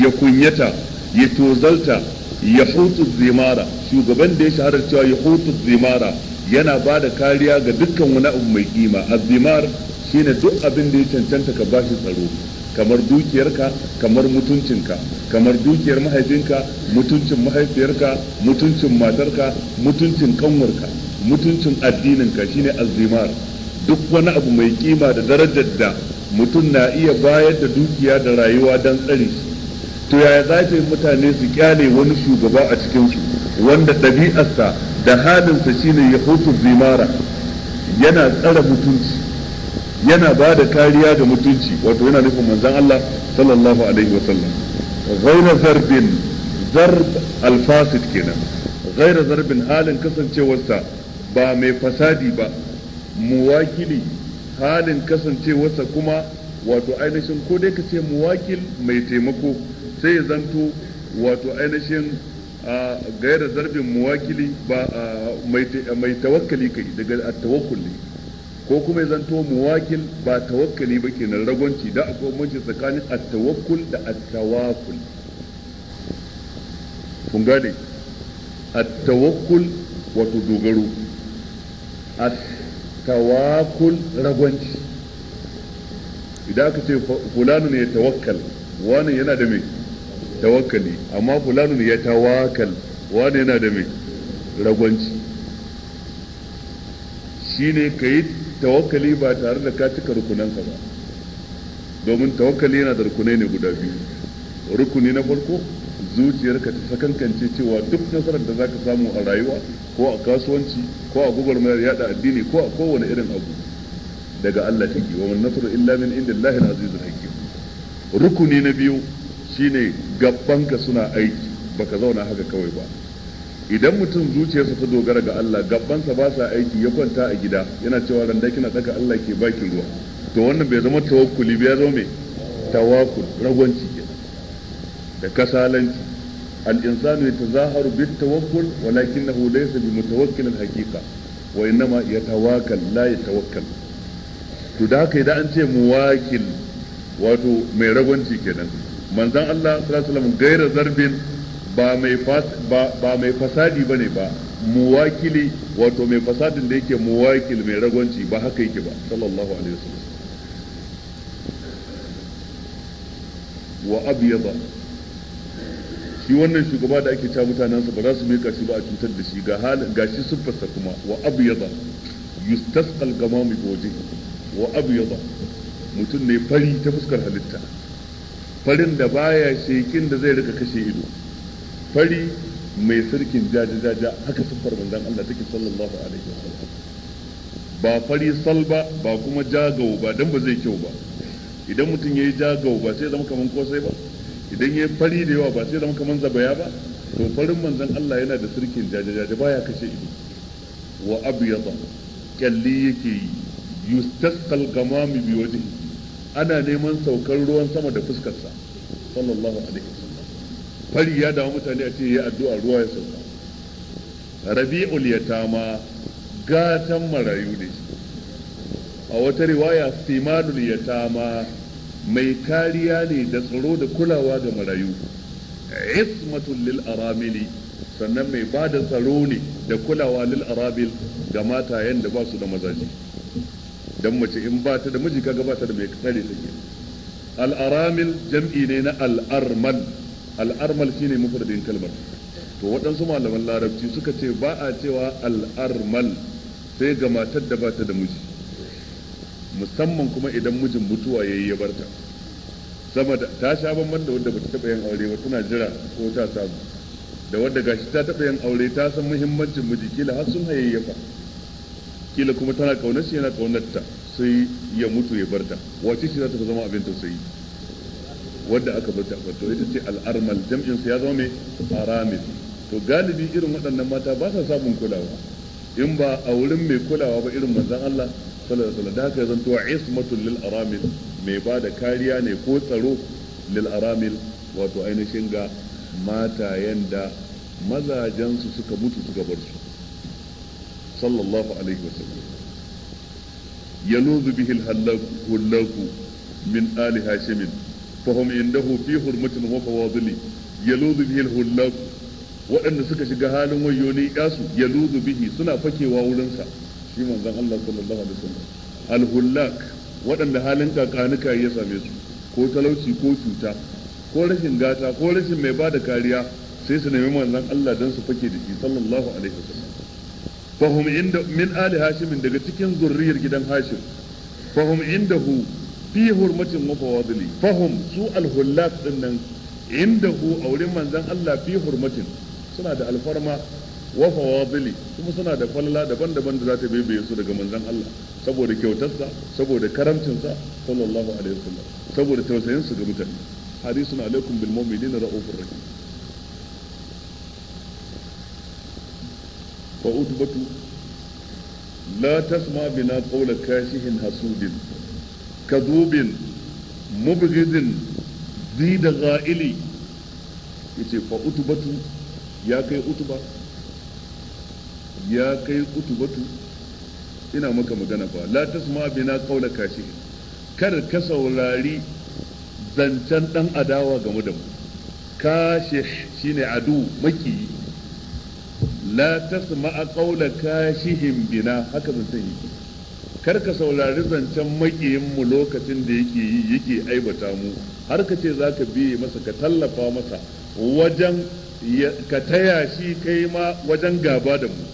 ya kunyata ya tozalta ya hutu zimara shugaban da ya shahara cewa ya hutu zimara yana ba da kariya ga dukkan wani abu mai kima azimar shine duk abin da ya cancanta ka bashi tsaro kamar dukiyarka kamar mutuncinka kamar dukiyar mahaifinka mutuncin mahaifiyarka mutuncin matarka mutuncin kanwarka mutuncin addininka shine azimar duk wani abu mai kima da darajar da mutum na iya bayar da dukiya da rayuwa don tsari. to yaya za ta yi mutane su kyale wani shugaba a cikinsu wanda ɗabi'arsa da halinsa shine ya zimara yana tsara mutunci yana ba da kariya da mutunci wato yana nufin manzan Allah sallallahu alaihi wasallam ghaira zarbin zarb alfasid kenan ghaira zarbin halin kasancewarsa ba mai fasadi ba muwakili halin kasancewarsa kuma wato ainihin ko dai ka ce muwakil mai taimako sai ya zanto wato ainihin a gaira zarbin muwakili ba a mai tawakkali kai daga at-tawakkul ko kuma ya zanto muwakil ba tawakkali ba ke nan ragonci, da akwai bambanci tsakanin a tawakkul da a tawakkul kun gane a tawakkul wato dogaro a tawakkul ragonci idan aka ce fulani ne ya tawakkal wani yana da mai tawakkali amma fulanun ya tawakal wani yana da mai ragwanci shine ka yi tawakkali ba tare da ka cika rukunanka ba domin tawakkali yana da rukunai ne guda biyu rukuni na farko zuciyarka ta sakankance cewa duk nasarar da za ka samu a rayuwa ko a kasuwanci ko a gwagwarmayar yada addini ko a kowane irin abu daga Allah take wa nasru illa min indillahi al-azizul hakim rukuni na biyu shine gabbanka suna aiki baka zauna haka kawai ba idan mutum zuciyarsa ta dogara ga Allah gabbansa ba sa aiki ya kwanta a gida yana cewa randa kina daka Allah ke baki ruwa to wannan bai zama tawakkuli ba zama tawakkul ragwanci kenan da kasalanci al-insanu yatazaharu bit tawakkul walakinahu laysa bi mutawakkilin haqiqa wa innama yatawakkal la yatawakkal to da haka idan an ce muwakil wato mai ragwanci kenan manzon Allah sallallahu alaihi wasallam gaira zarbin ba mai fasadi ba ne ba muwakili wato mai fasadin da yake muwakil mai ragwanci ba haka yake ba sallallahu alaihi wasallam wa abyada shi wannan shugaba da ake cewa mutanensa ba za su mika shi ba a cutar da shi ga halin gashi siffarsa kuma wa abyada yustasqal gamamu bi wajhihi wa abyada mutum ne fari ta fuskar halitta farin da baya shekin da zai rika kashe ido fari mai sirkin jaja-jaja haka siffar manzon Allah take sallallahu alaihi wasallam ba fari salba ba kuma jagawo ba dan ba zai kyau ba idan mutum yayi jagawo ba sai zama kaman kosai ba idan yayi fari da yawa ba sai zama kaman zabaya ba to farin manzon Allah yana da sirkin jaja-jaja baya kashe ido wa abyada kalli yake yi yustasqal gamami bi wajhihi ana neman saukar ruwan sama da fuskarsa sallallahu alaihi wasallam fari ya dawo mutane a ce ya addu'a ruwa ya sauka rabi'ul yatama gatan marayu ne a wata riwaya simanul yatama mai kariya ne da tsaro da kulawa ga marayu ismatul lil aramili sannan mai bada tsaro ne da kulawa lil arabil ga matayen da ba su da mazaje dan mace in ba ta da miji kaga ba ta da mai tsare take al-aramil jam'i ne na al-armal al-armal shine mufradin kalmar to waɗansu malaman larabci suka ce ba a cewa al-armal sai ga matar da ba ta da miji musamman kuma idan mijin mutuwa yayi ya barta sama da ta sha banban da wanda bata taɓa yin aure ba tana jira ko ta samu da wadda gashi ta taɓa yin aure ta san muhimmancin miji kila har sun hayayyafa kila kuma tana kaunar shi yana kaunar ta sai ya mutu ya barta wace shi za ta zama abin tausayi wadda aka barta to ita ce al'armal jam'in su ya zama mai aramil to galibi irin waɗannan mata ba sa samun kulawa in ba a wurin mai kulawa ba irin manzon Allah sallallahu alaihi da haka zanto ismatul lil aramil mai ba da kariya ne ko tsaro lil aramil wato ainihin ga mata yanda mazajensu suka mutu suka bar su sallallahu alaihi wasallam yanuzu bihi al-hallaku min ali hashim fahum indahu fi hurmatin wa fawadili yaluzu bihi al-hallaku waɗanda suka shiga halin wayo ne yasu yaluzu bihi suna fakewa wurinsa shi manzon Allah sallallahu alaihi wasallam al-hullak waɗanda halin ya same su ko talauci ko cuta ko rashin gata ko rashin mai bada kariya sai su nemi manzon Allah dan su fake da shi sallallahu alaihi wasallam fa inda min ali hashim daga cikin zurriyar gidan hashim fa hum indahu fi hurmatin wa fawadili fa su al-hullat dinnan indahu a wurin manzon Allah fi hurmatin suna da alfarma wa fawadili kuma suna da falala daban-daban da za ta bebe su daga manzan Allah saboda kyautarsa saboda karamcinsa sallallahu alaihi wasallam saboda tausayinsa ga mutane hadisun alaikum bil mu'minina ra'ufur wa utbatu la tasma bina qawla kashihin hasudin kadubin mubghidin zi da ga'ili yace fa utubatu ya kai utuba ya kai utubatu ina maka magana fa la tasma bina qawla kashi kar ka saurari zancen dan adawa game da mu kashi shine adu makiyi. la tasma'a qawla kashihim bina haka zan sani kar ka saurari zancen makiyin mu lokacin da yake yi yake aibata mu har ka ce za ka biye masa ka tallafa masa wajen ka taya shi kai ma wajen gaba da mu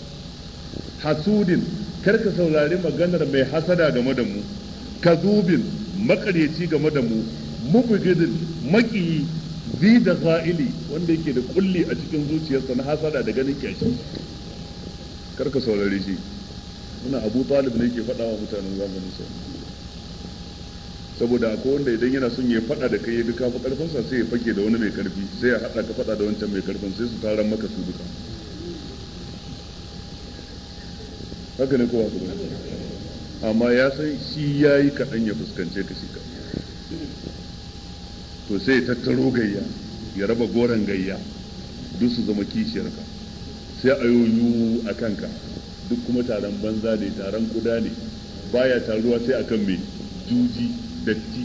hasudin kar ka saurari maganar mai hasada game da mu kazubin makaryaci game da mu mubigidin makiyi zi da za'ili wanda yake da kulli a cikin zuciyarsa na hasada da ganin kyashi karka saurare shi muna abu talib ne ke faɗa wa mutanen zamanin sa saboda akwai wanda idan yana son ya faɗa da kai ya ga kafa karfin sa sai ya fage da wani mai karfi sai ya haɗa ka faɗa da wancan mai karfin sai su taran maka su duka haka ne kowa su amma ya san shi yayi kaɗan ya fuskance ka shi kaɗan to sai ya tattaro gayya ya raba goron gayya duk su zama kishiyarka sai a yoyu a kanka duk kuma taron banza ne taron kuda ne baya taruwa sai a kan mai juji datti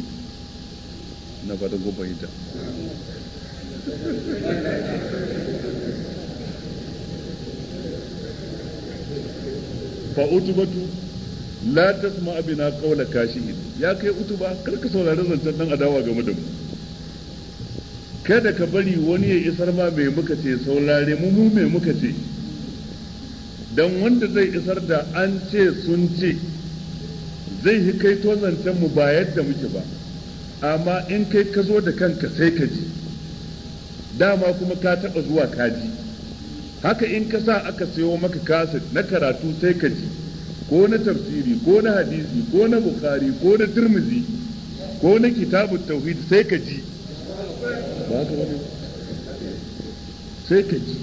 na fata kun fahimta fa utubatu la tasma bina qawla kashihin ya kai utuba kar ka saurari zancen dan adawa game da mu kada ka bari wani ya isar ma mai muka ce saurare mu mu mai muka ce dan wanda zai isar da an ce sun ce zai yi kai zancen mu ba yadda muke ba amma in kai ka zo da kanka sai ka ji dama kuma ka taba zuwa ka ji haka in ka sa aka sayo maka kaset na karatu sai ka ji ko na tafsiri ko na hadisi ko na bukari ko na turmizi ko na kitabun tauhid sai ka ji sai ka ji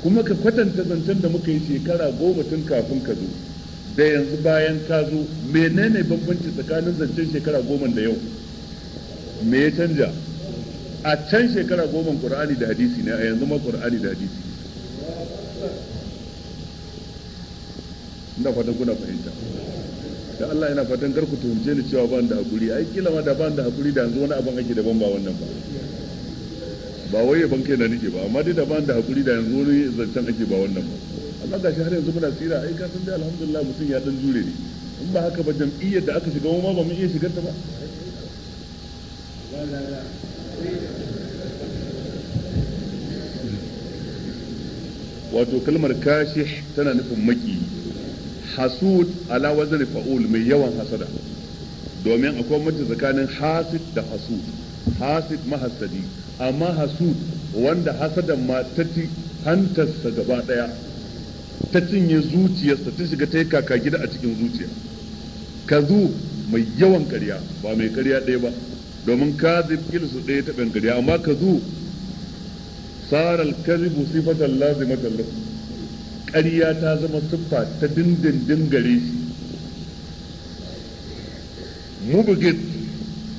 kuma ka kwatanta zancen da muka yi shekara goma tun kafin ka zo da yanzu bayan ka zo menene bambanci tsakanin zancen shekara goma da yau me ya canja a can shekara goma ƙur'ani da hadisi ne a yanzu ma ƙur'ani da hadisi ina fatan kuna fahimta da Allah yana fatan kar ku tuhumce ni cewa ban da hakuri ai kila ma da ban da hakuri da yanzu wani abin ake daban ba wannan ba ba wai ban kai na nake ba amma dai da ban da hakuri da yanzu wani zancen ake ba wannan ba Allah gashi har yanzu muna tsira ai ka san dai alhamdulillah mutum ya dan jure ne in ba haka ba jam'iyyar da aka shiga mu ma ba mu iya shigar ta ba wato kalmar kashi tana nufin maki hasud ala wazir fa'ul mai yawan hasada domin akwai mata tsakanin hasid da hasud hasid mahasadi amma hasud wanda hasadan ma ta ci hantarsa gaba daya ta cinye zuciyarsa ta shiga ta yi kaka gida a cikin zuciya kazu mai yawan karya ba mai karya ɗaya ba domin kazib ilsu ɗaya ta ɓangare amma kazu sarar kazibu sifatan lazimatan lafi ƙarya ta zama siffa ta dindindin gare shi mubgid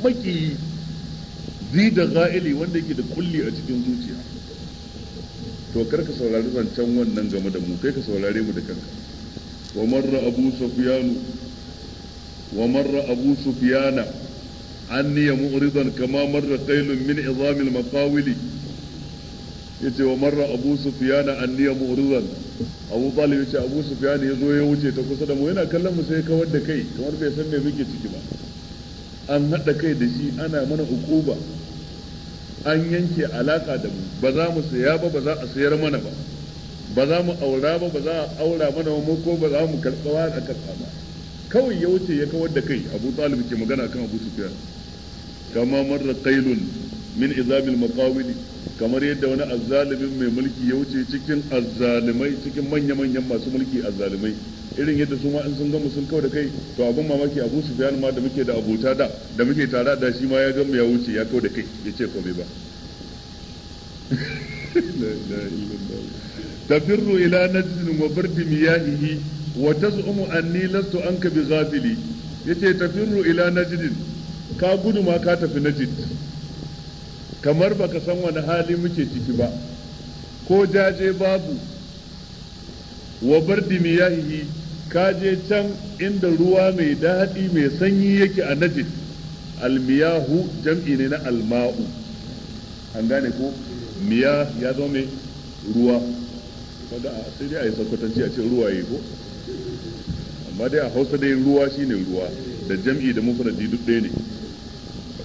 maki zi da ga'ili wanda yake da kulli a cikin zuciya to kar ka saurari zancen wannan game da mu kai ka saurare mu da kanka wa marra abu sufyanu wa marra abu sufyana anni mu'ridan kama marra qailun min izamil maqawili yace wa marra abu an anniya murzan abu talib yace abu sufiyana ya zo ya wuce ta kusa da mu yana kallon mu sai kawar da kai kamar bai san me muke ciki ba an hada kai da shi ana mana hukuba an yanke alaka da mu ba za mu saya ba ba za a sayar mana ba ba za mu aura ba ba za a aura mana ba mu ko ba za mu karɓa a karɓa ba kawai ya wuce ya kawar da kai abu talib ke magana kan abu sufyan kama marra qailun min izabil maqawili kamar yadda wani azzalimin mai mulki ya wuce cikin azzalimai cikin manya-manyan masu mulki azzalimai irin yadda su ma in sun gama sun kawai da kai to abin mamaki abu su bayan ma da muke da abota da da muke tare da shi ma ya gama ya wuce ya kawai da kai ya ce komai ba tafirru ila najdin wa bardi miyahihi wa taz'umu anni lastu anka bi ghafili yace tafirru ila najdin ka gudu ma ka tafi najd kamar baka san wani hali muke ciki ba ko jaje babu wa bar dimiyahi ka je can inda ruwa mai daɗi mai sanyi yake a najid almiyahu jam'i ne na alma'u an gane ko miya ya zo mai ruwa kaga sai dai a yi sakwatanci a ce ruwa yi ko amma dai a hausa dai ruwa shine ruwa da jam'i da mufradi duk ɗaya ne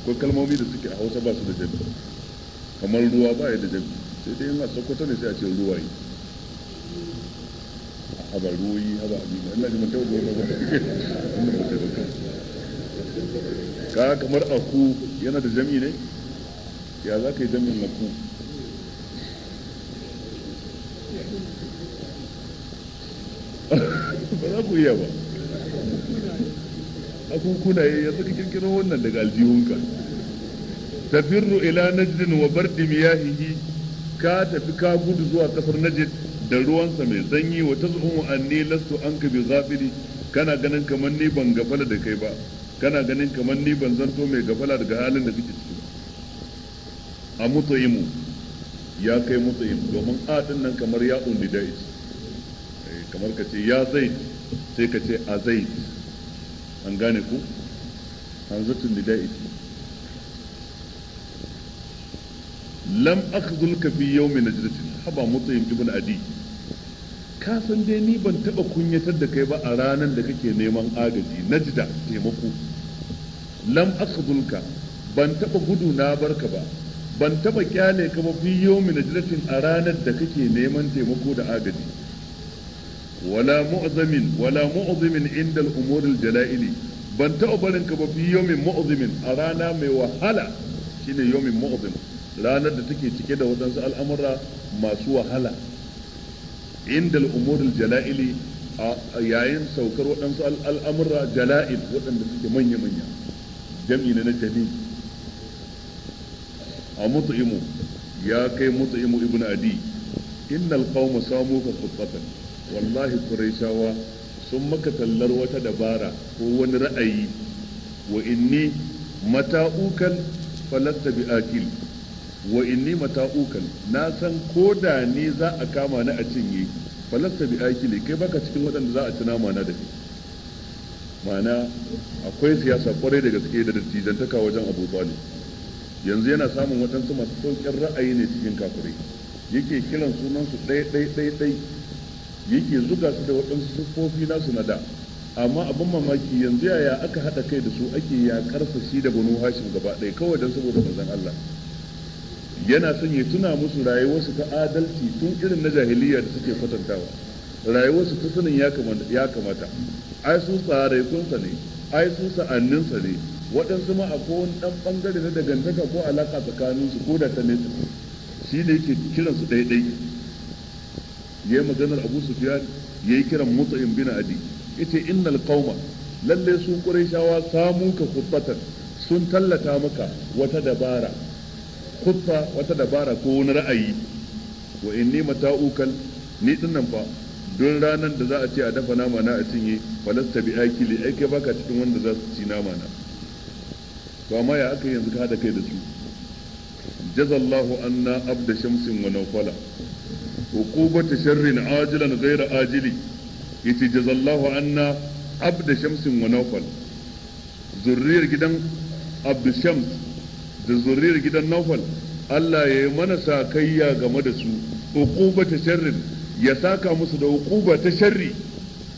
akwai kalmomi da suke a hausa ba su da jami kamar ruwa ba ya da jami sai dai yana sokoto ne sai a ce ruwaye haba ruwayi haba amina ina ji mutum ruwa ba ka kamar aku yana da jami ne ya za ka yi jamin aku ba za ku iya ba akunkuna ya yanzu ka kirkiro wannan daga aljihunka tafirru ila najdin wa bardi miyahihi ka tafi ka gudu zuwa kasar najd da ruwansa mai sanyi wa tazumu anni lastu anka bi zafiri kana ganin kamar ni ban gafala da kai ba kana ganin kamar ni ban zanto mai gafala daga halin da kake ciki a mutayimu ya kai mutayim domin a din nan kamar ya undi da eh, kamar ka ce ya zai sai ka ce a zai an gane ku hamzatun nida'i lam akhdhulka fi yawmin najdatin haba mutsayin ibn adi ka san dai ni ban taba kunyatar da kai ba a ranar da kake neman agaji najda taimako lam ka ban taba gudu na barka ba ban taba kyale ka ba fi yawmin najdatin a ranar da kake neman taimako da agaji wala mu'zamin wala mu'zimin inda al jalaili ban taɓa barin ka ba fi yomin mu'zimin a rana mai wahala shine yomin ranar da take cike da waɗansu al'amura masu wahala inda al jalaili yayin saukar waɗansu al'amura jala'il waɗanda suke manya-manya jam'i na jami a mutu'imu ya kai mutu'imu ibnu adi innal qawma samu ka khutbatan wallahi quraishawa sun maka tallar wata dabara ko wani ra'ayi wa inni mata'ukan falatta bi akil wa inni mata'ukan na san ko da ne za a kama ni a cinye falatta bi akil kai baka cikin waɗanda za a ci nama da kai ma'ana akwai siyasa kwarai da gaske da dattijantaka wajen abu talib yanzu yana samun waɗansu masu saukin ra'ayi ne cikin kafirai yake kiran sunansu ɗai ɗai ɗai ɗai yake zuga su da waɗansu siffofi nasu na da amma abin mamaki yanzu yaya aka haɗa kai da su ake ya karfa shi da banu hashim gaba ɗaya kawai don saboda manzon Allah yana son ya tuna musu rayuwarsu ta adalci tun irin na jahiliya da suke kwatantawa rayuwarsu ta sanin ya kamata ai su tsaraikunsa ne ai su sa'anninsa ne waɗansu ma akwai wani ɗan ɓangare na dangantaka ko alaƙa tsakaninsu ko da ta nesa shi ne yake kiransu ɗaiɗai yayi maganar Abu Sufyan yayi kiran Mut'im bin Adi yace innal qauma lalle su Qurayshawa samu ka khubbatan sun tallata maka wata dabara khubba wata dabara ko wani ra'ayi wa inni mata'ukal ni nan fa don ranar da za a ce a dafa nama na a cinye falasta bi akili ai kai baka cikin wanda za su ci nama na to amma ya aka yanzu ka hada kai da su jazallahu anna abda shamsin wa nawfala uqubati sharrin ajilan ghayra ajili yace jazallahu anna abda shamsin wa nawfal zurriyar gidan abdu shams da zurriyar gidan nawfal Allah ya yi mana sakayya game da su uqubati sharrin ya saka musu da uquba ta sharri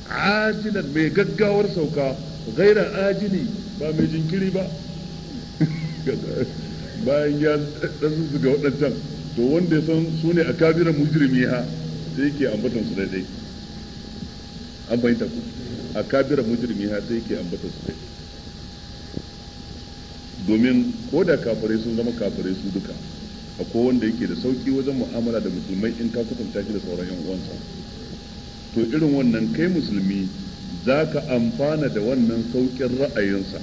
ajilan mai gaggawar sauka gaira ajili ba mai jinkiri ba bayan ya ɗansu su ga waɗancan to wanda ya san su ne a kabiran mujrimi ha sai yake ambatan su daidai an bayyanta ku a kabiran mujrimi ha sai yake ambatan su daidai domin ko da kafirai sun zama kafirai su duka a ko wanda yake da sauki wajen mu'amala da musulmai in ka kusanta shi da sauran yan uwansa to irin wannan kai musulmi za ka amfana da wannan saukin ra'ayinsa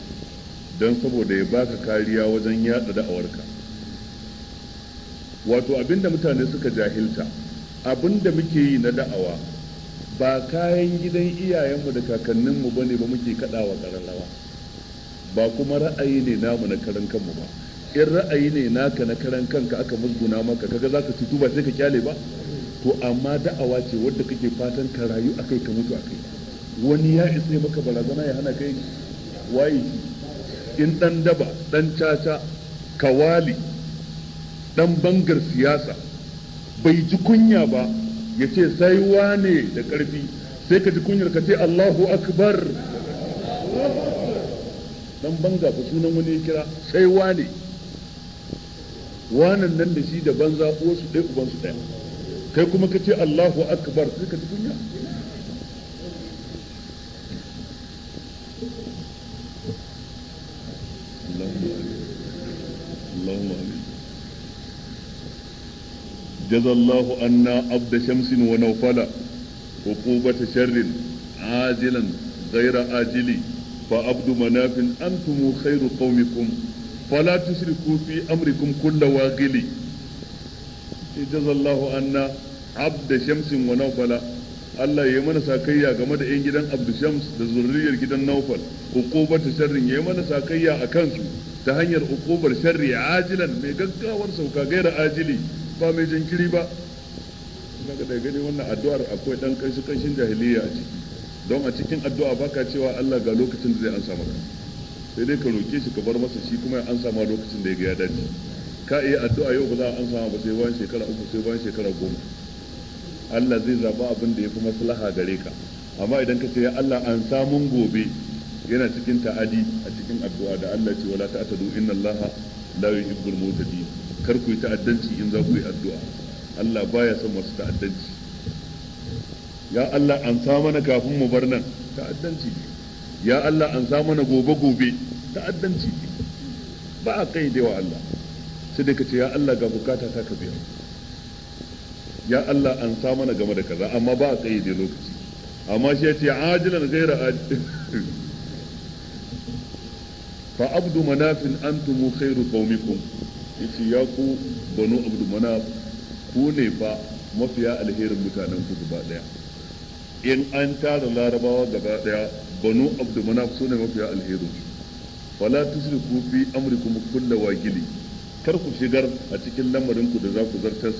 don saboda ya baka kariya wajen yada da'awarka wato abinda mutane suka jahilta abinda muke yi na da'awa ba kayan gidan iyayenmu da kakanninmu bane ba muke kadawa kararrawa ba kuma ra'ayi ne namu na karan kanmu ba in ra'ayi ne naka na karan kanka aka musguna maka kaga zaka cutu ba sai ka kyale ba to amma da'awa ce wadda kake fatan ka rayu akai ka mutu akai wani ya isa maka barazana ya hana kai waye in dan daba dan caca kawali dan bangar siyasa bai ji kunya ba ya ce sai wane da ƙarfi sai ka ji kunyar ka ce Allahu akbar dan banga ba sunan wani ya kira sai wane wanan nan da shi da banza ko su dai uban su daya, kai kuma ka ce Allahu akbar sai ka ji kunya Allahumma Allahumma جزى الله أن عبد شمس ونوفل عقوبة شر عاجلا غير آجل فعبد مناف أنتم خير قومكم فلا تشركوا في أمركم كل واغل جزى الله أن عبد شمس ونوفل Allah ya yi mana sakayya game da 'yan gidan Abdushams da zurriyar gidan Naufal, hukubar ta sharrin ya mana sakayya a kansu ta hanyar hukubar sharri ajilan mai gaggawar sauka gaira ajili ba mai jinkiri ba daga da gani wannan addu'ar akwai dan kanshi kanshin jahiliya a ciki don a cikin addu'a baka cewa Allah ga lokacin da zai ansa maka sai dai ka roke shi ka bar masa shi kuma ya ansa ma lokacin da ya ga ya dace ka iya addu'a yau ba za a ansa ba sai bayan shekara uku sai bayan shekara goma Allah zai zaba abin da ya fi maslaha gare ka amma idan ka ce ya Allah an samun gobe yana cikin ta'adi a cikin addu'a da Allah ce wala ta'tadu inna Allah la yuhibbul mutadin kar ku yi ta'addanci in za ku yi addu'a Allah baya son masu ta'addanci ya Allah an sa mana kafin mu bar nan ta'addanci ne ya Allah an sa mana gobe gobe ta'addanci ne ba a kai da Allah sai dai ka ce ya Allah ga bukata ta ka biya ya Allah an sa mana game da kaza amma ba a kai da lokaci amma shi ya ce ajilan ghaira ajil fa abdu manafin antum khairu qaumikum yace ya ku banu abdu mana ku ne fa mafiya alherin mutanen ku gaba daya in an tara larabawa gaba daya banu abdu mana su ne mafiya alherin wala tusriku fi amrikum kullu wagili kar ku shigar a cikin lamarin ku da za ku zartas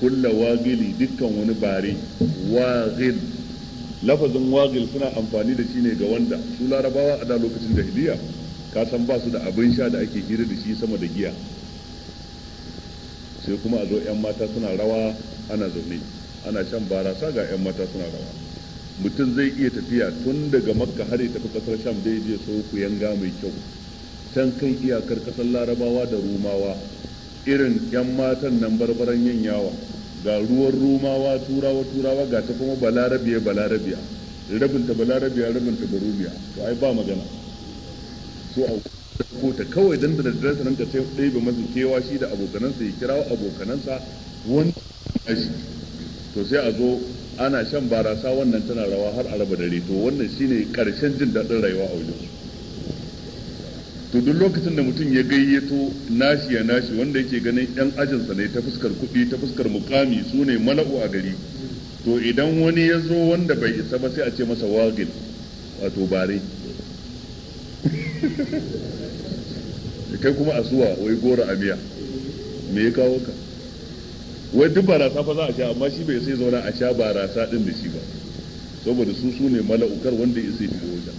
kullu wagili dukkan wani bare wagil lafazin wagil suna amfani da shi ne ga wanda su larabawa a da lokacin jahiliya ka san ba su da abin sha da ake hira da shi sama da giya sai kuma a zo yan mata suna rawa ana zaune ana shan barasa ga yan mata suna rawa mutum zai iya tafiya tun daga makka har ya tafi kasar sham dai je so ku yanga mai kyau can kan iyakar kasar larabawa da rumawa irin yan matan nan barbaran yin yawa ga ruwan rumawa turawa turawa ga ta kuma balarabiya balarabiya rabinta balarabiya rabinta barubiya to ai ba magana so kawai dan da ta ranka sai ba masa kewa shi da abokanansa ya kirawo abokanansa wani shi to sai a zo ana shan barasa wannan tana rawa har a raba dare to wannan shine karshen jin daɗin rayuwa a wajen to duk lokacin da mutum ya gayyato nashi ya nashi wanda yake ganin yan ajinsa ne ta fuskar kuɗi ta fuskar mukami sune ne mala'u a gari to idan wani ya zo wanda bai isa ba sai a ce masa wagin wato bare kai kuma a suwa wai goro a miya me ya kawo ka wai duk barasa fa za a sha amma shi bai sai zauna a sha barasa din da shi ba saboda su su ne mala'ukar wanda ya sai shiga wajen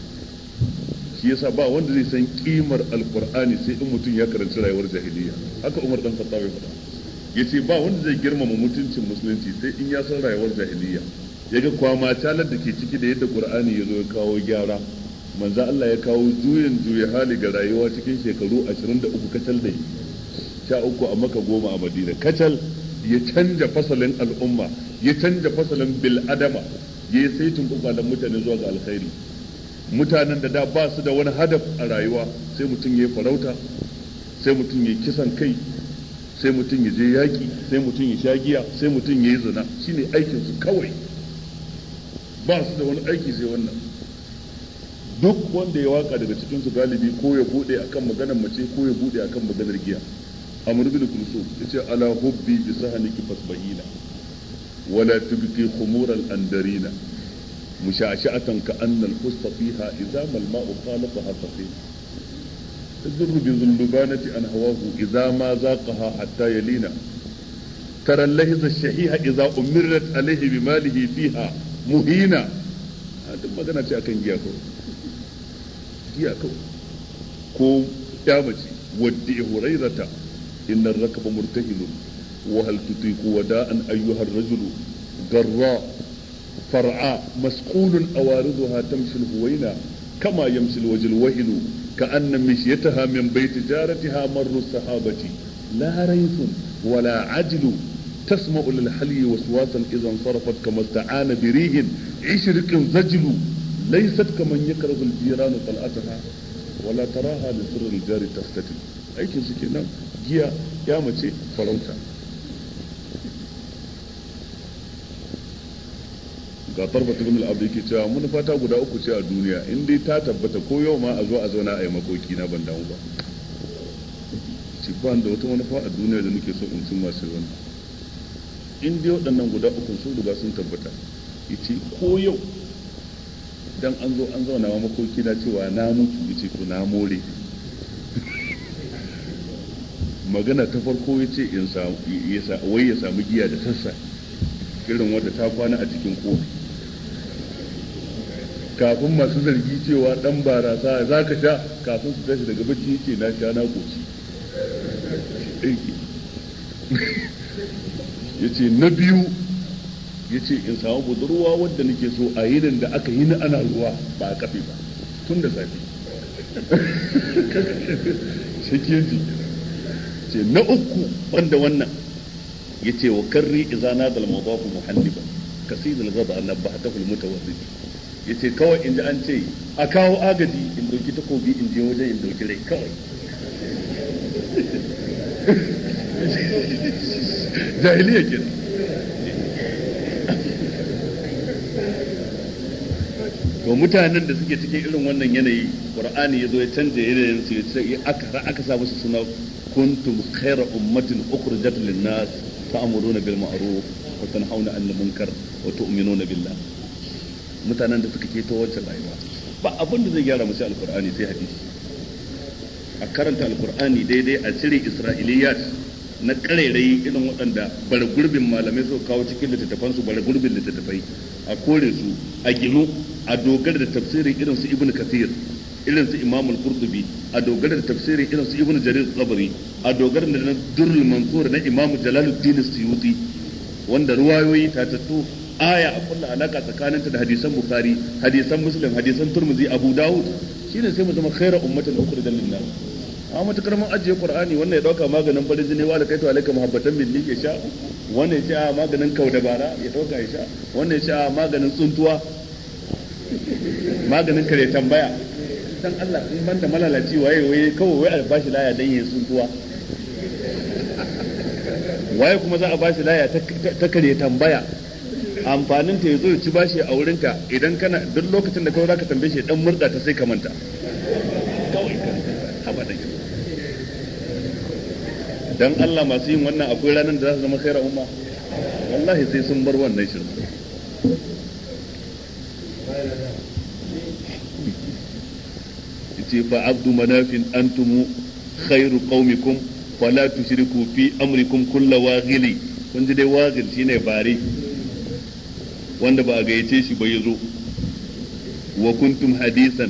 shi yasa ba wanda zai san kimar alkur'ani sai in mutum ya karanci rayuwar jahiliya haka umar dan khattab ya faɗa ba wanda zai girmama mutuncin musulunci sai in ya san rayuwar jahiliya ya ga kwama talar da ke ciki da yadda qur'ani ya zo ya kawo gyara manzo Allah ya kawo juyin juya hali ga rayuwa cikin shekaru 23 kacal da yi sha uku a maka goma a madina kacal ya canja fasalin al'umma ya canja fasalin bil'adama, ya yi saitin kokarin mutane zuwa ga alkhairi mutanen da da ba su da wani hadaf a rayuwa sai mutum ya yi farauta sai mutum ya yi kisan kai sai mutum ya je yaƙi sai mutum ya sha giya sai mutum ya yi zina shine aikinsu kawai ba su da wani aiki sai wannan duk wanda ya waka daga cikin su galibi ko ya bude akan maganar mace ko ya bude akan maganar giya amr bin kulsum yace ala hubbi bi sahniki fasbahina wala tubqi khumur al andarina mushashatan ka anna al fusta fiha idza ma al ma'u khalaqa fasil الذر بذلبانة عن هواه إذا ما ذاقها حتى يلينا ترى اللهز الشحيح إذا أمرت عليه بماله فيها مهينا هذا ما كانت أكن giya kawai ko kyamaci wadda ya hurai rata inna rakaba murtahinun wa hal tutiku wada an ayyuhar rajulu garra far'a masqulun awariduha tamshil huwaina kama yamsil wajil wahilu ka anna mishyataha min bayt tijaratiha marru sahabati la raisun wa la ajlu tasma'u lil hali wa suwasan idan sarafat kama sta'ana birihin ishrikin zajlu laysat manya yakrahu al-jiran qal'ataha wala taraha li sirr al-jar tastati aikin su kenan giya ya mace farauta ga tarbatu bin al-abd yake cewa mun fata guda uku ce a duniya in dai ta tabbata ko yau ma a zo a zauna a yi makoki na ban damu ba cikin da wata manufa a duniya da nake so in cin masu wannan in dai waɗannan guda uku sun riga sun tabbata ita ko yau Idan an zo an zauna wa makoki na cewa na mutu yace ko na more magana ta farko yace in sa wai ya samu giya da sassa irin wanda ta kwana a cikin kofi kafin masu zargi cewa dan barasa za ka sha kafin su tashi daga bacci yace na sha na koci yace na biyu ya ce in samu budurwa wadda nake so a yinin da aka yi na ana ruwa ba a kafe ba tun da safe shakiyanci ce na uku banda wannan ya ce wa karri izana da muhalli muhalliba kasi da gaba Allah ba ta kulmu ta ya ce kawai in ji an ce a kawo agaji in doki takobi in je wajen in doki rai kawai jahiliya kenan to mutanen da suke cikin irin wannan yanayi qur'ani yazo ya canje yanayin su ya aka aka sa musu suna kuntum khayra ummatin ukhrijat lin-nas ta'muruna bil ma'ruf wa tanhauna 'anil munkar wa tu'minuna billah mutanen da suka keto wancan rayuwa ba abin da zai gyara musu alqur'ani sai hadisi a karanta alqur'ani daidai a cire isra'iliyat na karerai irin waɗanda bar gurbin malamai su kawo cikin littattafansu bar gurbin littattafai a kore su a ginu a dogara da tafsirin irin su ibnu kathir irin su imam al-qurtubi a dogara da tafsirin irin su ibnu jarir tsabari a dogara da durrul mansur na imam jalaluddin suyuti wanda ruwayoyi ta tatto, aya a kulla alaka tsakaninta da hadisan bukhari hadisan muslim hadisan turmuzi abu dawud shine sai mu zama khaira ummatin ukhrijat lin-nas a matukar mun ajiye qur'ani wannan ya dauka maganin farin jini wa ta alaka muhabbatan min ya sha wannan ya ce a maganin kaudabara ya dauka ya sha wannan ya ce a maganin tsuntuwa maganin kare tambaya dan Allah in ban da malalaci waye waye kawai wai albashi laya dan sun suntuwa waye kuma za a bashi laya ta kare tambaya amfanin ta yazo ci bashi a wurinka idan kana duk lokacin da kawai zaka tambaye shi dan murda ta sai ka manta kawai haba da dan Allah masu yin wannan akwai ranar da za su zama khairar umma wallahi sai sun bar wannan shirin ce fa abdu manafin antumu khairu qaumikum fala tushriku fi amrikum kullu waghili kun ji dai waghil shine bare wanda ba a gayyace shi ba yazo wa kuntum hadisan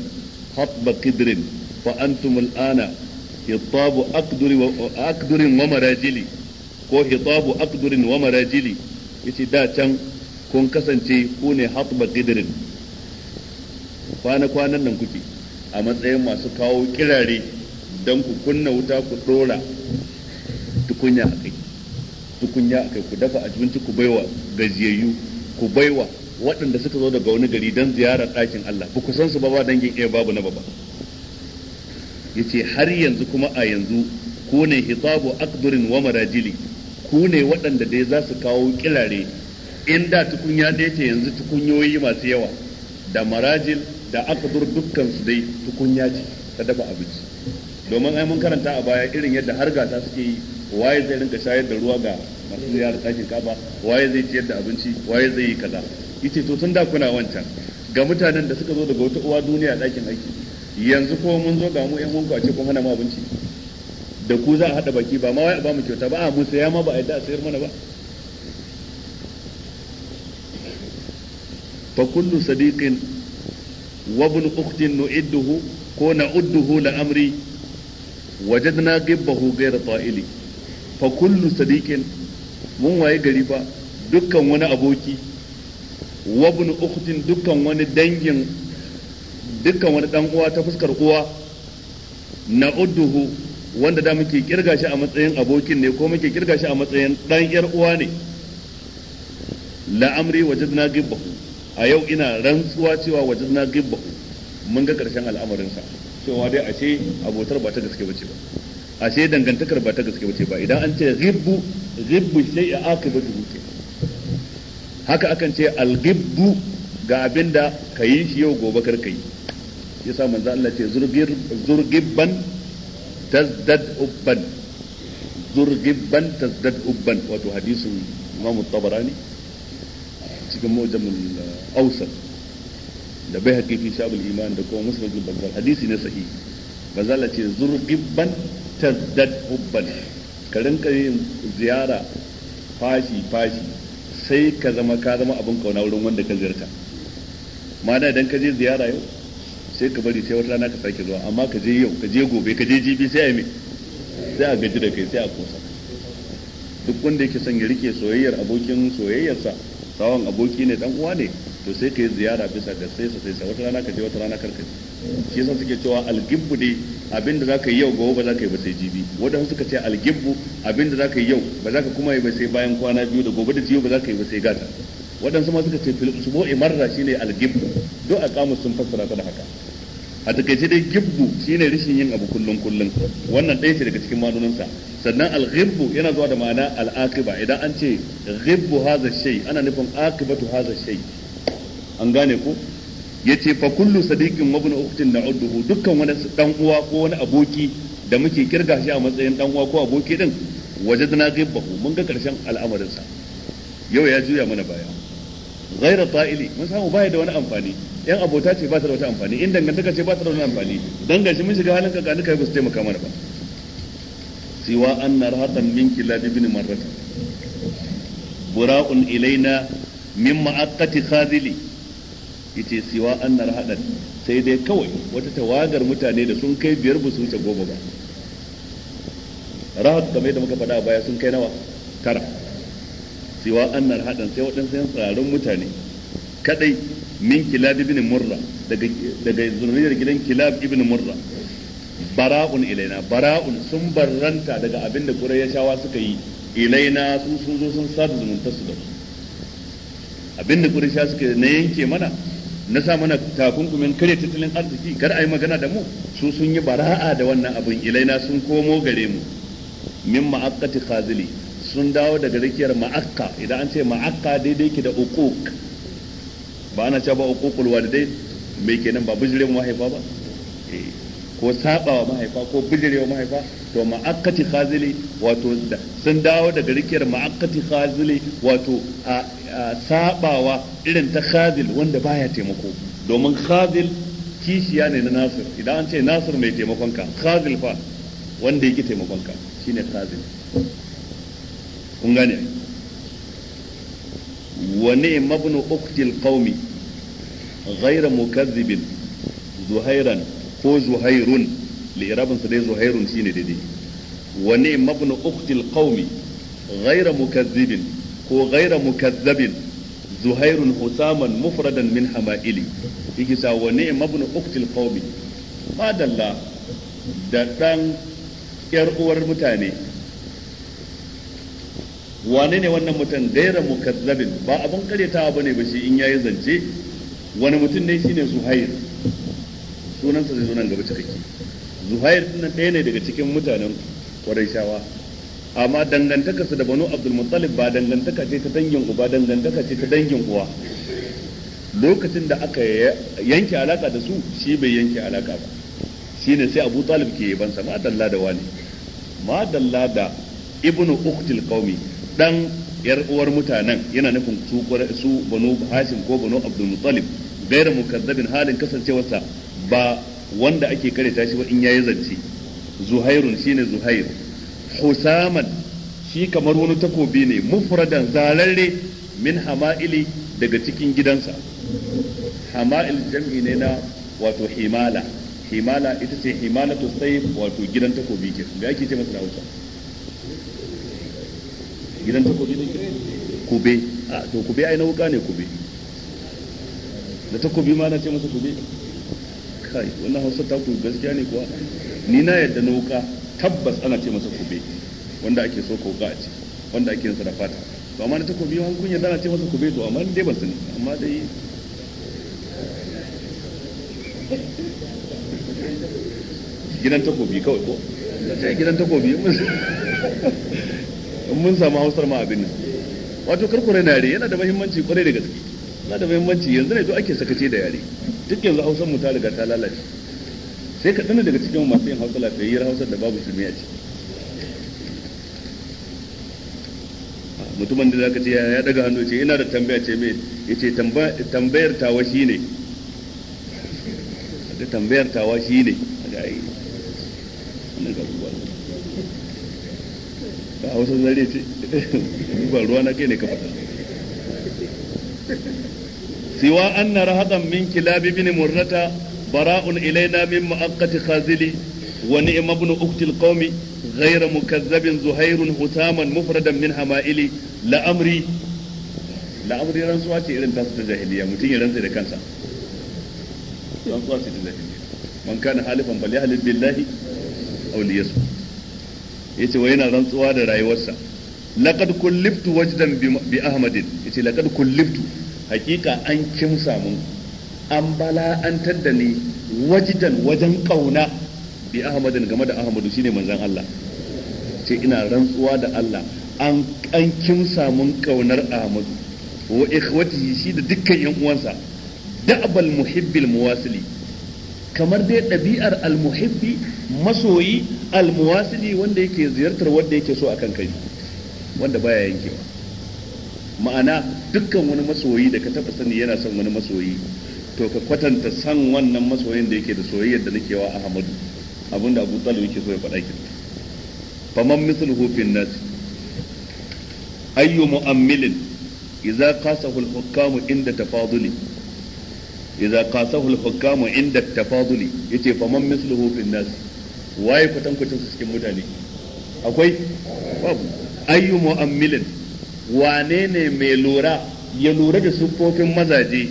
hatba qidrin fa antum al'ana hitabu aqduri wa aqdurin wa marajili ko hitabu aqdurin wa marajili yace da can kun kasance ku ne hatba qidrin kwana kwanan nan kuke a matsayin masu kawo kirare don ku kunna wuta ku dora tukunya a kai tukunya a kai ku dafa abinci ku baiwa gajiyayyu ku baiwa waɗanda suka zo daga wani gari don ziyarar ɗakin Allah ba ku san su ba dangin iya babu na baba ya ce har yanzu kuma a yanzu ku ne hitabu akdurin wa marajili ku ne waɗanda dai za su kawo kirare in da tukunya ɗaya ce yanzu tukunyoyi masu yawa da marajil da aka dur dukkan su dai tukunya ce ta dafa abinci domin ai mun karanta a baya irin yadda har gasa suke yi waye zai rinka shayar da ruwa ga masu ziyar tashin waye zai ciyar da abinci waye zai yi kaza yace to tun da kuna wancan ga mutanen da suka zo daga wata uwa duniya dakin aiki yanzu ko mun zo ga mu ƴan uwanku a ce kun hana mu abinci da ku za a hada baki ba ma wai a ba mu kyauta ba a mu saya ma ba a yadda a sayar mana ba fa kullu sadiqin وابن bun نعده nu'idduhu ko na'udduhu وجدنا amri غير gibbahu فكل صديق من واي sadiqin mun waye gari fa dukkan wani aboki wa uktin dukkan wani dangin dukkan wani fuskar uwa wanda da muke kirga shi a matsayin abokin ne ko muke kirga shi a matsayin dan yar uwa ne la amri wajadna gibbahu a yau ina rantsuwa cewa wajen na gibba mun ga ƙarshen al'amarinsa cewa dai ashe abotar ba ta gaske bace ba ashe dangantakar ba ta gaske bace ba idan an ce ribbu ribbu sai ya aka ba duke haka akan ce al gibbu ga abinda ka yi shi yau gobe kar ka yi yasa manzo Allah ce zurgibban tazdad ubban zurgibban tazdad ubban wato hadisin Imam Tabarani cikin mujamul uh, ausar da bai haƙi fi shabul iman da kuma musnadul bazzal hadisi ne sahi bazala ce zurqibban tazdad hubban ka rinka yin ziyara fashi fashi sai ka zama ka zama abin kauna wurin wanda ka ziyarta ma'ana idan ka je ziyara yau sai ka bari sai wata rana ka sake zuwa amma ka je yau ka je gobe ka je jibi sai a yi sai a gaji da kai sai a kosa duk wanda yake son ya rike soyayyar abokin soyayyarsa sawan aboki ne dan uwa ne to sai ka yi ziyara bisa ga sai sai sai wata rana ka je wata rana karka shi yasa suke cewa algibbu ne abinda zaka yi yau gobe ba zaka yi ba sai jibi wanda suka ce algibbu abinda zaka yi yau ba zaka kuma yi ba sai bayan kwana biyu da gobe da jiyo ba zaka yi ba sai gata waɗansu ma suka ce fil usbu'i marra shine algibbu duk aqamu sun fassara ta da haka a takaice dai gibbu shine rashin yin abu kullun kullun wannan ɗaya ce daga cikin ma'anoninsa sannan al-ghibbu yana zuwa da ma'ana al-aqiba idan an ce ghibbu hadha shay ana nufin aqibatu hadha shay an gane ko yace fa kullu sadiqin wa ibn ukhtin na'udduhu dukkan wani dan uwa ko wani aboki da muke kirga shi a matsayin dan uwa ko aboki din wajadna ghibbahu mun ga karshen al'amarinsa yau ya juya mana baya ghaira ta'ili mun samu baya da wani amfani yan abota ce ba ta da wata amfani in dangantaka ce ba ta da wani amfani dan gashi mun shiga halin kaka duka ba su taimaka mana ba siwa anna rahatan minki la ibn marrat bura'un ilaina min ma'aqqati khazili yace siwa anna rahatan sai dai kawai wata tawagar mutane da sun kai biyar ba su wuce goma ba rahat kamar yadda muka faɗa baya sun kai nawa tara siwa annar hadan sai waɗansu yan tsararrun mutane kadai min kilab ibn murra daga daga zuriyar gidan kilab ibn murra bara'un ilaina bara'un sun barranta daga abin da shawa suka yi ilaina su sun zo sun sa da zumunta su da su abin da qurayshawa suka na yanke mana na sa mana takunkumin kare tattalin arziki kar a yi magana da mu su sun yi bara'a da wannan abin ilaina sun komo gare mu min ma'akkati khazili sun dawo daga rikiyar ma'akka idan an ce ma'akka daidai ke da uquq ba ana cewa ba uququl walidai me kenan ba bijirewa mahaifa ba eh. ko sabawa mahaifa ko bijirewa mahaifa to ma'akkati khazili wato sun dawo daga rikiyar ma'akkati khazili wato a sabawa irin ta khazil wanda baya taimako domin khazil kishiya ne na nasir idan an ce nasir mai taimakonka khazil fa wanda yake taimakonka shine khazil kun gane wa ne mabnu uktil qaumi ghayra mukazzibin zuhairan ko zuhairun li'irabin sa dai zuhairun shine daidai wa ne mabnu uktil qaumi ghayra mukazzibin ko ghayra mukazzabin zuhairun husaman mufradan min hama'ili yake sa wa ne mabnu uktil qaumi madalla da dan yar uwar mutane wane ne wannan mutum gaira mukazzabin ba abin karyatawa bane ba shi in yayi zance wani mutum ne shine Zuhair sunansa zai zunan gaba cikakke Zuhair na ɗaya ne daga cikin mutanen shawa amma dangantaka su da Banu Abdul Muttalib ba dangantaka ce ta dangin uba dangantaka ce ta dangin uwa lokacin da aka yanke alaka da su shi bai yanke alaka ba shine sai Abu Talib ke yabansa ma dalla da wani ma dalla da ibnu uktil qaumi dan yar uwar mutanen yana nufin su su banu hashim ko banu abdul muttalib gairu mukaddabin halin kasancewarsa ba wanda ake ta shi ba in yayi zance zuhairun shine zuhair husaman shi kamar wani takobi ne mufradan zalalle min hama'ili daga cikin gidansa hama'il jam'i ne na wato himala himala ita ce himalatu sayf wato gidan takobi ke ga ake ce masa da Hausa gidan takobi ne kube a to kube ai na wuka ne kube da takobi ma na ce masa kube kai wannan hausa ta ku gaskiya ne kuwa ni na yadda na wuka tabbas ana ce masa kube wanda ake so ka wuka a ci wanda ake yansa da fata to amma na takobi wani kun yadda ana ce masa kube to amma dai ban sani amma dai gidan takobi kawai ko gidan takobi mun samu hausar ma abin nan wato karkure na yare yana da mahimmanci kwarai da gaske yana da mahimmanci yanzu ne to ake sakace da yare duk yanzu hausar mu ta riga ta lalace sai ka dana daga cikin masu yin hausa lafiyayyar hausar da babu shirme ce mutumin da zaka ce ya daga hannu ce ina da tambaya ce mai yace tambayar tawa shine da tambayar tawa shine ga ai wannan ga da hausa zare ce ba ruwa na ke ne ka faɗa siwa anna rahadan min kilabi bin murrata bara'un ilaina min mu'aqqati khazili wa ni'ma ibn ukti al-qaum ghayr mukazzabin zuhairun husaman mufradan min hama'ili la amri la amri rantsuwa ce irin tasu ta jahiliya mutum ya rantsa da kansa rantsuwa ce ta jahiliya halifan bal yace wa yana rantsuwa da rayuwarsa laqad kulliftu wajdan bi ahmadin yace laqad kulliftu hakika an kimsa mun an bala an ni wajdan wajen kauna bi ahmadin game da ahmadu shine manzon Allah ce ina rantsuwa da Allah an an kimsa mun kaunar ahmadu wa ikhwatihi shi da dukkan yan uwansa da'bal muhibbil muwasili kamar dai ɗabi'ar almuhibbi masoyi almuwasili wanda yake ziyartar wanda yake so a kan kai wanda baya yankewa ma'ana dukkan wani masoyi da ka taba sani yana son wani masoyi to ka kwatanta san wannan masoyin da yake da soyayyar da nake wa Ahmadu abinda Abu Talib yake so ya faɗa ki faman mithluhu Hufin nas ayyu mu'ammilin idza qasahu al hukamu inda tafaduli idza qasahu al-hukamu inda tafaduli yace faman misluhu fil nas waye kwatan kwatan su cikin mutane akwai babu ayyu mu'ammilin wane ne mai lura ya lura da siffofin mazaje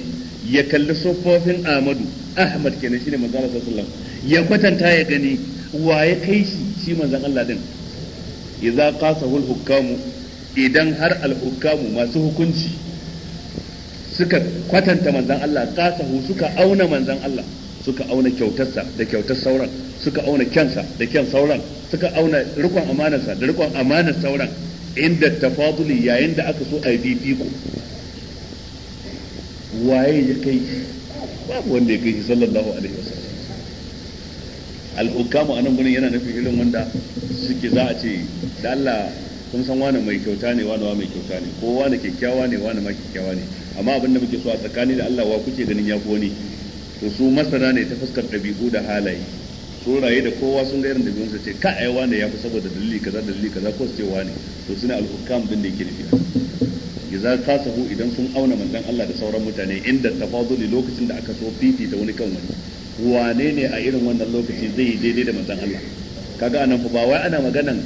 ya kalli siffofin amadu Ahmad kenan shine manzon Allah sallallahu ya kwatanta ya gani waye kai shi shi manzon Allah din idza qasahu al-hukamu idan har al-hukamu masu hukunci suka kwatanta manzan Allah qasahu suka auna manzan Allah suka auna kyautarsa da kyautar sauran suka auna kyansa da kyan sauran suka auna rikon amanarsa da rikon amanar sauran inda tafaduli yayin da aka so a yi bibiko. waye ya kai babu wanda ya kai shi sallallahu alaihi wasallam al-hukamu anan gurin yana nufin irin wanda suke za a ce da Allah kun san wani mai kyauta ne wa mai kyauta ne ko wane kyakkyawa ne wane ma kyakkyawa ne amma abin da muke so a tsakani da Allah wa kuke ganin ya wani to su masana ne ta fuskar ɗabi'u da halaye so raye da kowa sun ga irin da su ce ka ai wane ya fi saboda dalili kaza dalili kaza ko su ce wane to suna alhukam din da yake nufi idza idan sun auna manzon Allah da sauran mutane inda tafaduli lokacin da aka so fifita wani kan wani wane ne a irin wannan lokaci zai yi daidai da manzon Allah kaga anan fa ba wai ana maganan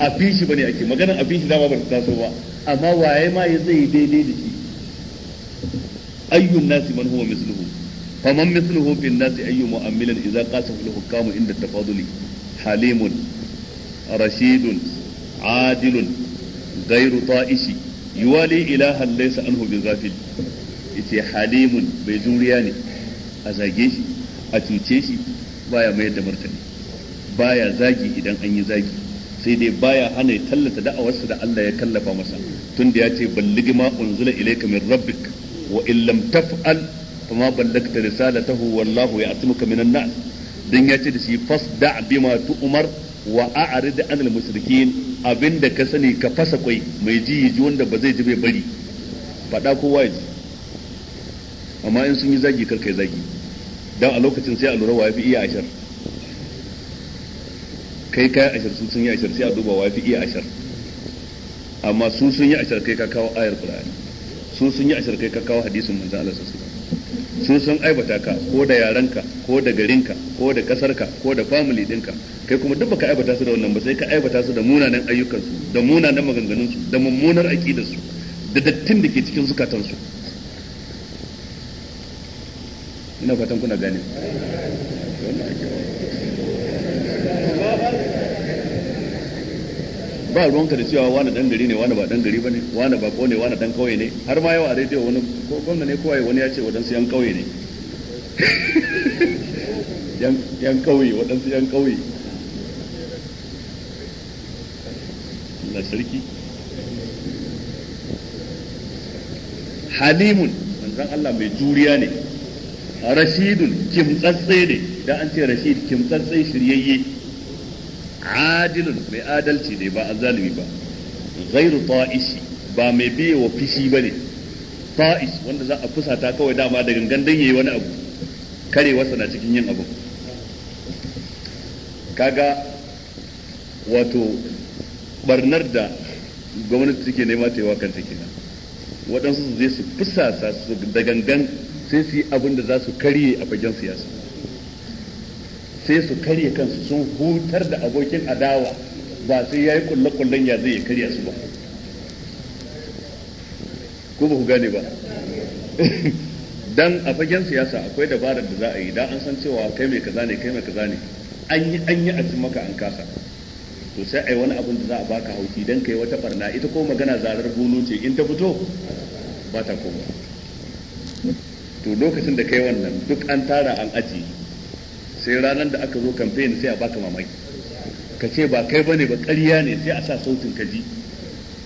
a fi shi bane ake magana a fi shi dama ba ta taso ba amma waye ma ya zai daidai da shi ayyun nasi man huwa misluhu faman misluhu fil nasi ayyu mu'ammilan idza qasahu al hukamu inda tafaduli halimun rashidun adilun ghairu ta'ishi yuwali ilahan laysa anhu bi ghafil yace halimun bai juriya ne a zage shi a cuce shi baya mayar da martani baya zagi idan an yi zagi sai dai baya hana ya tallata da'awarsa da Allah ya kallafa masa tun da ya ce balligi ma unzila ilayka min rabbik wa in lam taf'al fama ballagta risalatahu wallahu min minan nas dan ya ce da shi fasda bima tu'mar wa a'rid anil musrikin abinda ka sani ka fasa kwai mai ji ji wanda ba zai ji bai bari faɗa ko ji amma in sun yi zagi karkai zagi dan a lokacin sai a lura wa fi iya ashar kai kai ashar su sun yi ashar sai a duba wa fi iya ashar amma su sun yi ashar kai ka kawo ayar qur'ani su sun yi ashar kai ka kawo hadisin manzo Allah sallallahu alaihi wasallam su sun aibata ka ko da yaranka ko da garinka ko da kasarka ko da family dinka kai kuma duk baka aibata su da wannan ba sai ka aibata su da munanan ayyukan su da munanan maganganun su da mummunar aqidar su da dattin da ke cikin zukatan su ina fatan kuna gane ba ruwanka da cewa wani dan gari ne wani ba dan gari bane wani ba ko ne wani dan kauye ne har ma yau a rediyo wani ko gwamna ne kowaye wani ya ce waɗansu yan kauye ne yan kauye waɗansu yan kauye na sarki halimun manzon Allah mai juriya ne rashidun kimtsatse ne da an ce rashid kimtsatse shiryayye adilun mai adalci ne ba azzalimi ba ghairu ta'ishi ba mai biye wa fishi bane ta'ish wanda za a fusata kawai dama da gangan dan yayi wani abu karewarsa na cikin yin abu kaga wato barnar da gwamnati take nema ta yi wa kanta kenan waɗansu su zai su fusasa su da gangan sai su yi abin da za su karye a fagen siyasa sai su karya kansu sun hutar da abokin adawa ba sai ya yi kulle-kullen ya zai karya su ba ko ba ku gane ba dan a fagen siyasa akwai dabarar da za a yi dan an san cewa kai mai kaza ne kai mai kaza ne an yi an yi a cin maka an kasa to sai yi wani abin da za a baka hauki dan kai wata barna ita ko magana zarar gono ce in ta fito ba ta koma to lokacin da kai wannan duk an tara an ajiye sai ranar da aka zo kamfen sai a baka mamaki ka ce ba kai bane ba ƙarya ne sai a sa sautin ka ji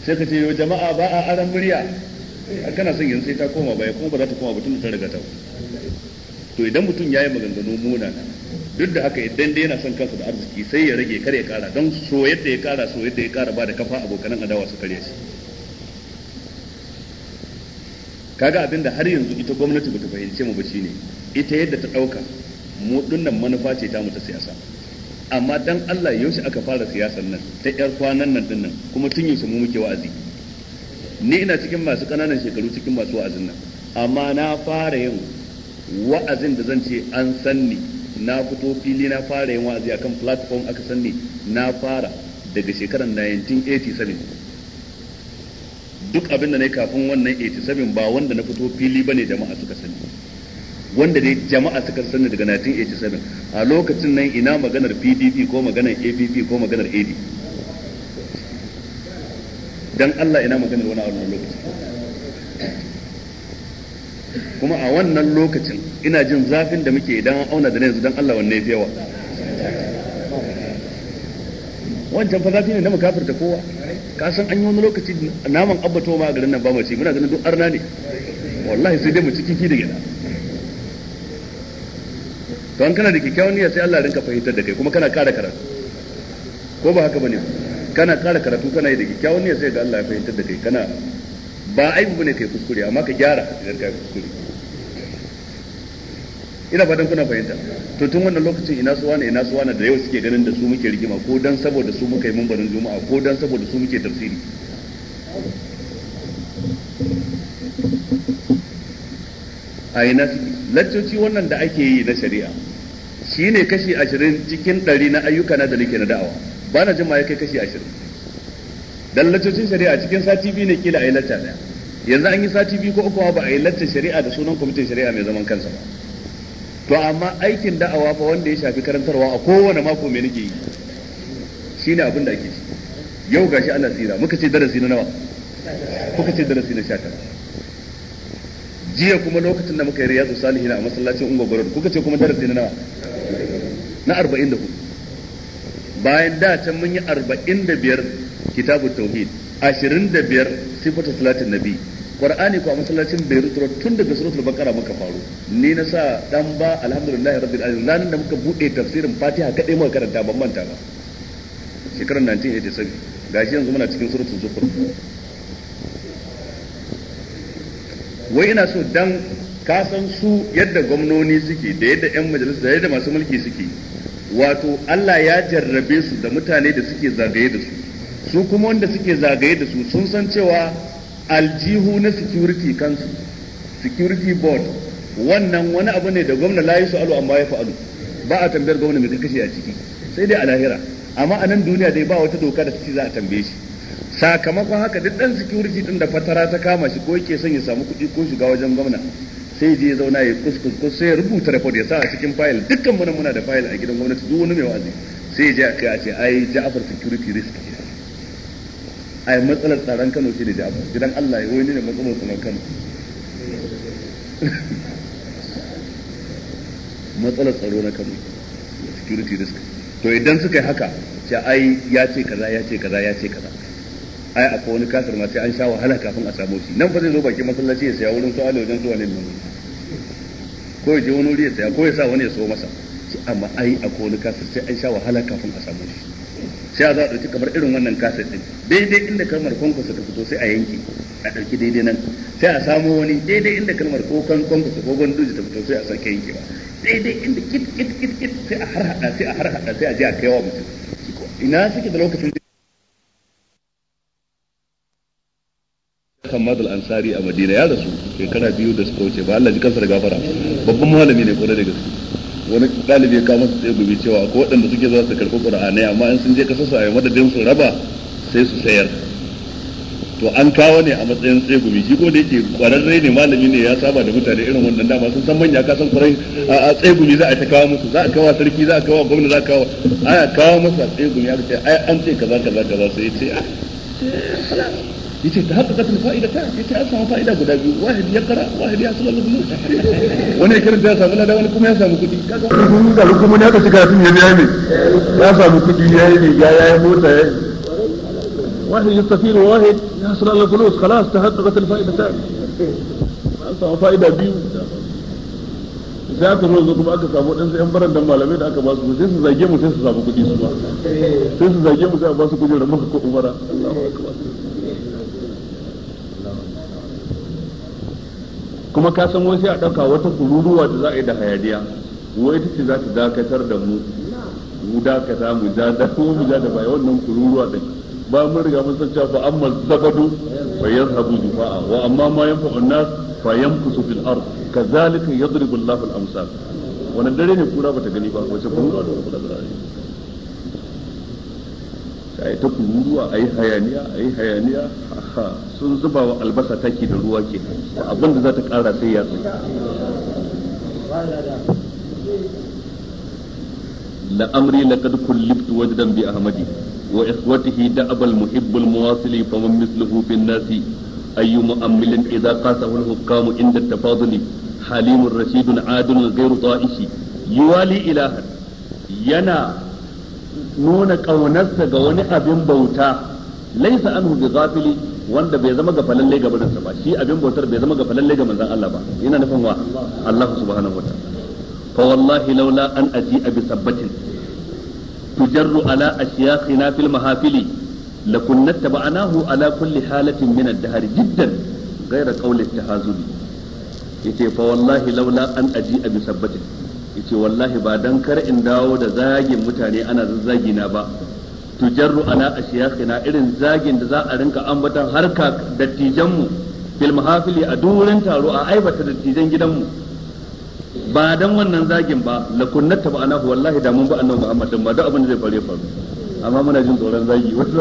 sai ka ce yau jama'a ba a aran murya kana son yanzu sai ta koma baya kuma ba za ta koma ba tun ta riga ta to idan mutum ya yi maganganu munana duk da haka idan dai yana son kansa da arziki sai ya rage kar ya kara don so yadda ya kara so yadda ya kara ba da kafa abokanan adawa su karya shi kaga abinda har yanzu ita gwamnati bata fahimce mu ba shine ita yadda ta dauka mu dunnan manufa ce ta mu ta siyasa amma dan Allah yaushe aka fara siyasar nan ta yar kwanan nan dinnan kuma tun yaushe mu muke wa'azi ni ina cikin masu kananan shekaru cikin masu wa'azin nan amma na fara yin wa'azin da zan ce an sanni na fito fili na fara yin wa'azi akan platform aka sanni na fara daga shekarar 1987 duk abin da na kafin wannan 87 ba wanda na fito fili bane jama'a suka sani wanda dai jama'a suka sani daga 1987 a lokacin nan ina maganar PDP ko maganar APP ko maganar AD Don Allah ina maganar wani a wannan lokacin kuma a wannan lokacin ina jin zafin da muke idan an auna da na yanzu don Allah wanne yafi yawa wancan fa zafi ne na makafirta kowa ka san an yi wani lokaci naman abba ma a garin nan ba mu ci muna ganin duk arna ne wallahi sai dai mu ci kifi da gida don kana da kyakkyawan niyya sai Allah rinka fahimtar da kai kuma kana kara karatu ko ba haka bane kana kara karatu kana yi da kyakkyawan niyya sai ga Allah ya fahimtar da kai kana ba aibu bane kai kuskure amma ka gyara idan ka kuskure ina fatan kuna fahimta to tun wannan lokacin ina su wane ina su wane da yau suke ganin da su muke rigima ko dan saboda su muka yi mambarin juma'a ko dan saboda su muke tafsiri a ina laccoci wannan da ake yi na shari'a shi ne kashi ashirin cikin ɗari na ayyuka na da nake na da'awa ba na jin ma ya kai kashi ashirin dan laccocin shari'a cikin sati biyu ne kila a yi lacca ɗaya yanzu an yi sati biyu ko uku ba a yi lacca shari'a da sunan kwamitin shari'a mai zaman kansa ba to amma aikin da'awa fa wanda ya shafi karantarwa a kowane mako mai nake yi shine abin da ake yi yau gashi ana tsira muka ce darasi na nawa kuka ce darasi na sha tara jiya kuma lokacin da muka yi riyazu salihin a masallacin ungwagwaro kuka ce kuma darasi na nawa na arba'in da hudu bayan da can mun yi arba'in da biyar kitabu tauhid ashirin da biyar sifatu salatin nabi qur'ani ko a masallacin beirut tun daga suratul baqara muka faru ni na sa dan ba alhamdulillahi rabbil alamin ranar da muka bude tafsirin fatiha kadai muka karanta ban manta ba shekarar 1987 gashi yanzu muna cikin suratul zukhruf wai ina so dan ka san su yadda gwamnoni suke da yadda yan majalisa da yadda masu mulki suke wato Allah ya jarrabe su da mutane da suke zagaye da su su kuma wanda suke zagaye da su sun san cewa aljihu na security kansu security board wannan wani abu ne da gwamna layi su alu amma ya fa'alu ba a tambayar gwamna mai kashe a ciki sai dai a lahira amma a nan duniya dai ba wata doka da suke za a tambaye shi sakamakon haka duk dan security din da fatara ta kama shi ko yake son ya samu kuɗi ko shiga wajen gwamna sai je ya zauna ya kuskus sai ya rubuta report ya sa a cikin file dukkan mu muna da file a gidan gwamnati duk wani mai wazi sai ya je a kai a ce ai Ja'far security risk ai matsalar tsaron Kano shi da Ja'far gidan Allah ya wani ne matsalar tsaron Kano matsalar tsaro na Kano security risk to idan suka yi haka ce ai ya ce kaza ya ce kaza ya ce kaza ai akwai wani kasar ma sai an sha wahala kafin a samu shi nan fa zai zo bakin masallaci ya saya wurin su ali wajen zuwa nan ko ya je wani wuri ya saya ko ya sa wani ya so masa amma ai akwai wani kasar sai an sha wahala kafin a samu shi sai a za a ɗauki kamar irin wannan kasar din daidai inda kalmar kwankwasa ta fito sai a yanke a ɗauki daidai nan sai a samo wani daidai inda kalmar kokon kwankwasa ko gwanduji ta fito sai a sake yankewa daidai inda kit kit kit kit sai a harhaɗa sai a harhaɗa sai a je a kai wa mutum ina suke da lokacin kan madal ansari a Madina ya rasu shekara biyu da suka wuce ba Allah ji kansa da gafara babban malami ne kwarai da gaske wani dalibi ya kama su tsaye gobe cewa akwai waɗanda suke zuwa su karɓi Qur'anai amma in sun je kasar su a madadin su raba sai su sayar to an kawo ne a matsayin tsaye gobe shi ko da yake kwararre ne malami ne ya saba da mutane irin wannan dama sun san manya kasan kwarai a tsaye gobe za a ta kawo musu za a kawo sarki za a kawo gwamna za a kawo ana kawo musu a tsaye gobe ya ce ai an ce kaza kaza kaza sai ce ah. yace ta haka katin fa'ida ta yace an samu fa'ida guda biyu wahid ya kara wahid ya sallu bulu wani kiran da ya samu lada wani kuma ya samu kudi kaga kun ga kuma ne aka ci karatun ya yayi ne ya samu kudi yayi ne ya yayi yi riga ya yi wahid ya واحد يستفيد واحد يحصل على الفلوس خلاص تحققت الفائدتان an fa'ida biyu za ka zo kuma aka samu waɗansu 'yan baran dan malamai da aka ba su sai su zage mu sai su samu kuɗi su ba sai su zage mu sai a ba su kujerar maka ko umara kuma ka san wasu a ɗauka wata kururuwa da za a yi da hayaniya wai ita ce za ta dakatar da mu mu dakata mu ja da mu mu ja wannan kururuwa da ba mun riga mun san cewa fa amma zabadu fa yazhabu dufa'a wa amma ma yanfa annas fa yanfusu fil ard kazalika yadribu Allahu al-amsal wannan dare ne kura bata gani ba wace kururuwa da ba ta gani ka yi ta kuru ruwa a yi hayaniya a yi hayaniya sun zuba wa albasa taki da ruwa ke abin da za ta kara sai ya tsaye la'amri na kad kullifta wajen bi ahmadi wa ikhwatihi da'abal muhibbul muwasili fa man nasi ayyu mu'ammilin idza qasahu al-hukamu inda tafaduli halimur rashidun adilun ghayru ta'ishi yuwali ilahan yana nuna ƙaunarsa ga wani abin bauta laisa anhu bi ghafili wanda bai zama gafalalle ga barinsa ba shi abin bautar bai zama gafalalle ga manzon Allah ba ina nufin wa Allah subhanahu wataala fa wallahi laula an aji'a bi sabbatin tujarru ala ashyakhina fil mahafili لكنا اتبعناه على كل حالة من الدهر جدا غير قول fa wallahi laula an أن أجيء sabbatin. yace wallahi ba dan kar in dawo da zagin mutane ana zazzagi na ba tujarru ala ashiyakhina irin zagin da za a rinka ambatan harka dattijan mu fil mahafili a durin taro a aibata dattijan gidanmu ba dan wannan zagin ba la kunna tabanahu wallahi da mun ba annabi Muhammad ba duk abin da zai fare faru amma muna jin tsoron zagi wasu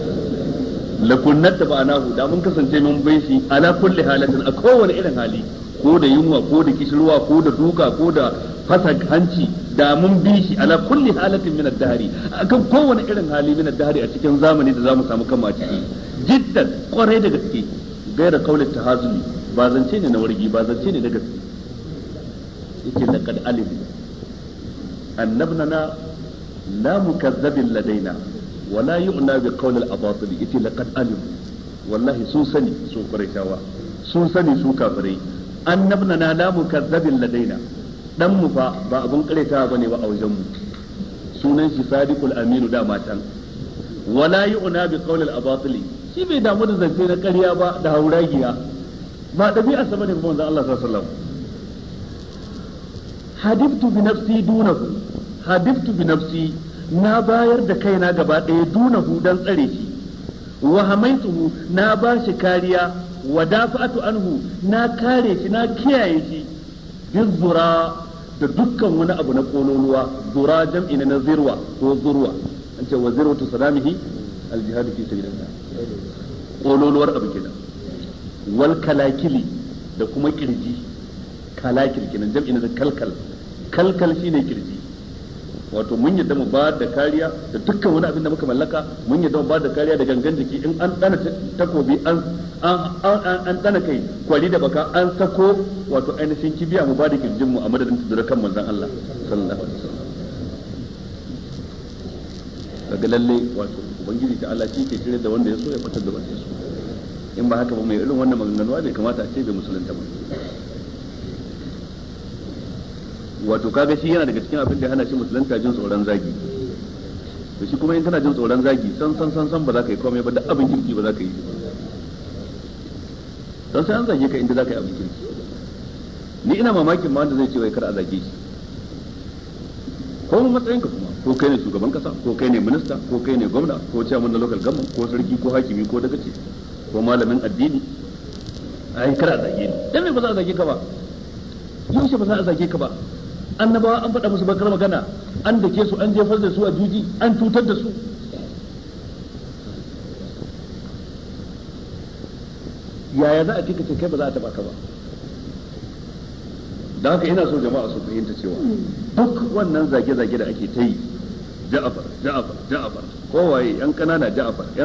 la kunna tabanahu da mun kasance mun bai shi ala kulli halatin a kowane irin hali ko da yunwa ko da kishirwa ko da duka ko da fasa hanci da mun bi shi ala kulli halatin min ad-dahri akan kowane irin hali min ad-dahri a cikin zamani da zamu samu kanmu a ciki jiddan kwarai da gaske gaira kaulin tahazumi ba zance ne na wargi ba zance ne na gaske yake kad alim annabnana la mukazzabin ladaina wala yu'na bi qawl al-abatil yake kad alim wallahi sun sani su qurayshawa sun sani su kafirai annabna na la mukazzabin ladaina dan mu fa ba abun kareta bane ba a wajen mu sunan shi sadiqul aminu da matan wala yu'na bi al abatili shi bai damu da zance na ƙarya ba da hauragiya ba dabi'a sama ne manzon Allah sallallahu alaihi hadibtu bi nafsi dunahu hadibtu bi nafsi na bayar da kaina gaba ɗaya dunahu dan tsare shi wa hamaituhu na ba shi kariya wa dafa'atu anhu na kare shi na kiyaye shi bizura da dukkan wani abu na kololuwa zura jam'i na zirwa ko zurwa an ce wa zirwatu salamihi aljihad fi sabilillah kololuwar abu kenan wal kalakili da kuma kirji kalakil kenan jam'i na kalkal kalkal shine kirji wato mun yadda mu ba da kariya da dukkan wani abin da muka mallaka mun yadda mu ba da kariya da gangan jiki in an dana takobi an an dana kai kwari da baka an sako wato ainihin kibiya mu ba da kirjin mu a madadin tudura kan manzon Allah sallallahu alaihi wasallam kaga lalle wato ubangiji ta Allah shi ke kire da wanda ya so ya fitar da wanda ya so in ba haka ba mai irin wannan maganganuwa bai kamata a ce bai musulunta ba wato kaga shi yana daga cikin abin da hana shi musulunta jin tsoron zagi to shi kuma in kana jin tsoron zagi san san san san ba za ka yi komai ba da abin kirki ba za ka yi don sai an zage ka inda za ka yi abin kirki ni ina mamakin ma wanda zai ce wai kar a zage shi ko mun matsayin ka kuma ko kai ne shugaban kasa ko kai ne minista ko kai ne gwamna ko chairman na local government ko sarki ko hakimi ko dagaci ko malamin addini ai kar a zage ni dan me ba za a zage ka ba yaushe ba za a zage ka ba annabawa an faɗa musu bakar magana an da ke su an jefar da su a juji an cutar da su yaya za a cika ce kai ba za a taba ka ba da haka ina so jama'a su fahimta cewa duk wannan zage-zage da ake ta yi ja'afar ja'afar ja'afar kowaye yan kanana ja'afar